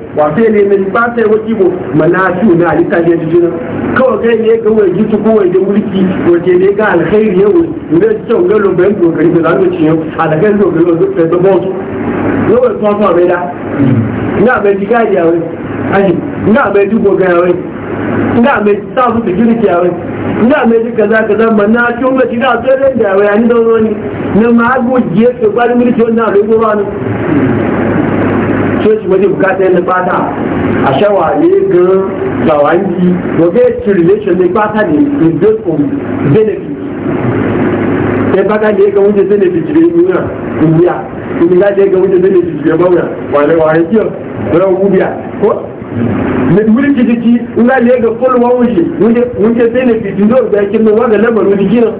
Speaker 1: wato ne mai ba ta yawa kibo malatu na alita ne jijina kawai kai ne ga wai jitu ko wai mulki waje ne ga alkhairi yau ne ta ga lobayin dogari da zanu ci alkhairi dogari da zuwa da bautu Ne wai kuma bai da ina bai diga ya wai aji ina bai dubo ga wai ina bai sa da girki ya ina bai ji kaza kaza mana ci umma ci da da wai ani dauro ni na mago je ko ba mulki wannan da ba ne coci wani bukata yana fata a shawa ne ga tsawangi dobe ci relation ne fata ne in based on benefit sai fata ne ga wuce benefit ne nuna indiya in ga ga wuce benefit ne bauna wane wane kiyo ran gubiya ko ne wuri jiki in ga ne ga followa wuce wuce benefit ne da yake nuna ga lamarin jikin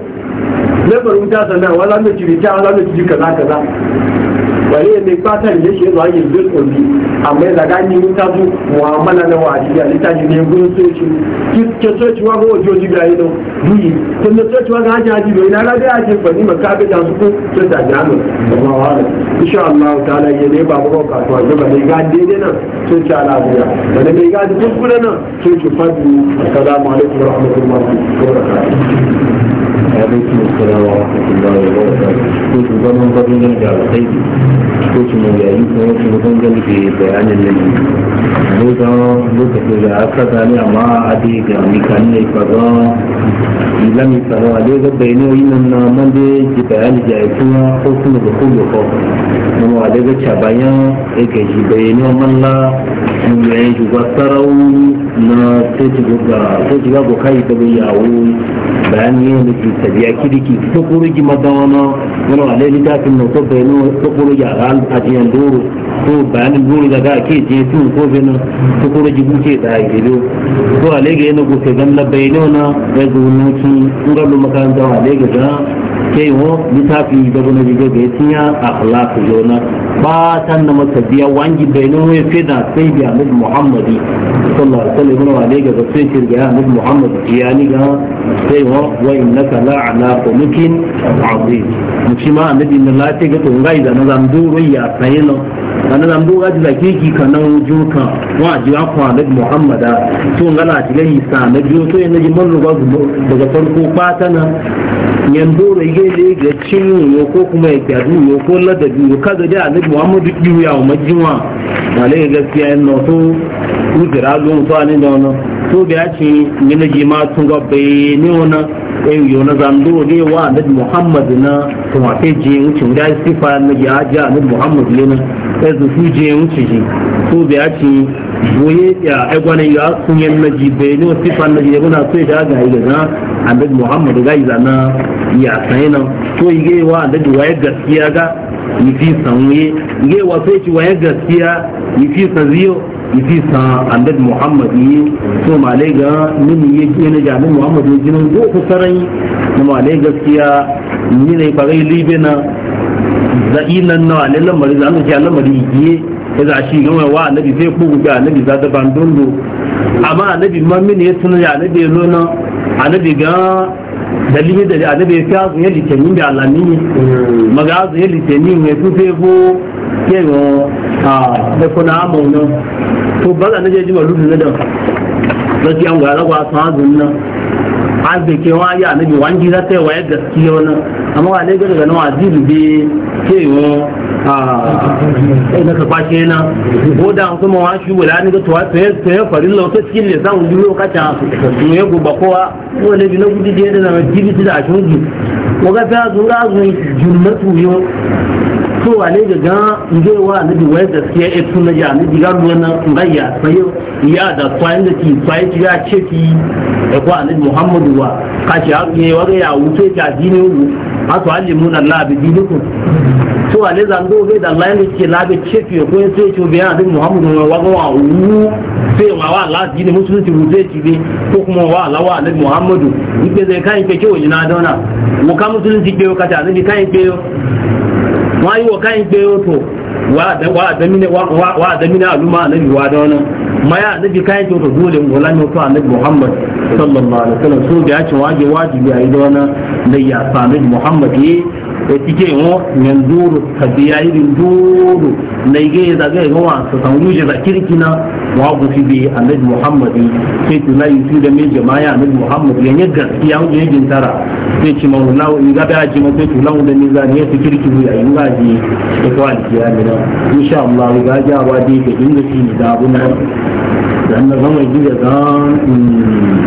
Speaker 1: lamarin ta sana wala mai cirita wala mai cirita kaza kaza wani ya mai fatan ya shi zuwa yin bin ɗobi amma ya zaga ni ta zu mu'amala na wajibi a litaji ne gurin soci ke soci wa gowa joji ga yi don yi tun da soci wa ga hajji hajji bai na rabe a ce fani ma kabe ta su ko ta ta jami amma wani insha Allah ta'ala ya ne ba mu kasuwa ne ba ne ga daidai nan sun ci alabiya da ne ga kuskure nan sun ci assalamu alaikum warahmatullahi wabarakatuh
Speaker 2: alaikum assalam wa rahmatullahi wa barakatuh ko ka gwamnan da alkhairi
Speaker 1: ko shugaban yayi ko shugaban gwamnati da bayanin lagi roza lokacin da aka gani amma a dai ga mikani ne kaza ilan mikani a dai gaba ne yi nan na man dai ki bayani da ya kuma ko kuma da ko da ko kuma a dai ga cabayan ya ga shi bayani man la mun yayin shugaba sarau na sai ci gaba sai ci gaba kai da bayawo bayan yi da ke tabi a kiriki ta kurugi maza wani yana wa lalita tafin na kofa yana ta kurugi a ajiyar doro ko bayanin doro da ga ke je tun kofa yana ta kurugi buke da ake do ko a lega yana gofe gan na bayani wana ya zo na ki ngalu makaranta a lega za ke yi wa littafi da gona jirage ya tinya a halafi jona fatan da maka biya wangi bai nuna ya fida sai biya mil muhammadi sallallahu alaihi wa sallam ga sai shi ga mil muhammadi ya ni ga sai wa wa innaka la ala qulukin azim mu shi ma annabi inna la ta ga to ngai da na zamdu ya sai no da na zamdu ga da kiki kanan juka wa ji akwa da muhammada to ngala ti ga sa na ji to yana ji mun ruwa daga farko fatan yanzu rage da ga cin ko kuma ya kyadu ko ladabi ka ga da muhammadu biyu ya wa majiwa malai gaskiya yin nato wudura lóhun tó wà nínú ọ̀nà tó bí a ti nínú jì máa tún gọ bẹ́ẹ̀ ní ọ̀nà ewu yóò na zando ne wa anabi muhammad na tuma fe je wuce si fa na ya ji anabi muhammad ne na sai su su je wuce ji to bi a ti boye ya egwana ya kun yan na ji ni ne fa na ji na muna so da ga ga na anabi muhammad ga yi na ya sai na to yi wa anabi wa ya gaskiya ga yi fi sanwe yi wa sai ci wa ya gaskiya yi fi sanziyo ifi san andad muhammadi so malai ga nini ya ke na jami muhammadu jinin zo ku sarai na malai gaskiya ni ne farai libe na za'i nan na wale lamari za mu ce lamari yiye ya za shi gama wa annabi zai ku ga annabi za ta ban dondo amma annabi ma mini ya tuna ya annabi ya lona annabi ga dalilin da annabi ya fi azu ya litenin da alamini mm. maga azu ya litenin ya fi fefo kewa da kuna amon to ba za na je na gwara gwa hazin nan an da ke wa ya za ta yi amma wa ne ke yi a na ka kwashe na ko da an kuma wa shi tuwa ta yi farin ne zan wuri lokacin su gobe kowa ko ne bi na gudu da yadda da ko ga fiya zuwa yau so ne ga nje wa ne bi wai gaskiya e tun na ya ne diga na bayya sayo ya da kwain da ti kwain ti ya ce ti e kwa ne muhammadu wa ka shi ha ne ya wuce ta dini wu ha to alimuna allah bi dinikum ne zan da allah ne ke labe ce ti ko ne sai biya muhammadu wa wa wu sai wa wa allah musulunci wuce ne ko kuma muhammadu na dona mu ka musulunci ke ka ta ne kai wọ́n yíwọ̀ káyìn pé ó tó wa zamina aluma annabi wa da wani maya annabi kayan kyauta dole mu wala ne to annabi muhammad sallallahu alaihi wasallam so ga ya ce wajibi wajibi a yi da lè yà ya muhammad etike ngo nyanduru tabia hili nduru na igeza ga ngo wasasanguje za kirkina wa bi annabi muhammad sai tuna su da mai jama'a annabi muhammad ya ne gaskiya mu ne gintara sai ci mawu na in ga ba ji mu sai tuna da ni za ne ya kirki mu ya yi ga ji da kwali kiyami na insha Allah ku ga ja wa dai da inda shi da abuna dan na zama gida zan hmm.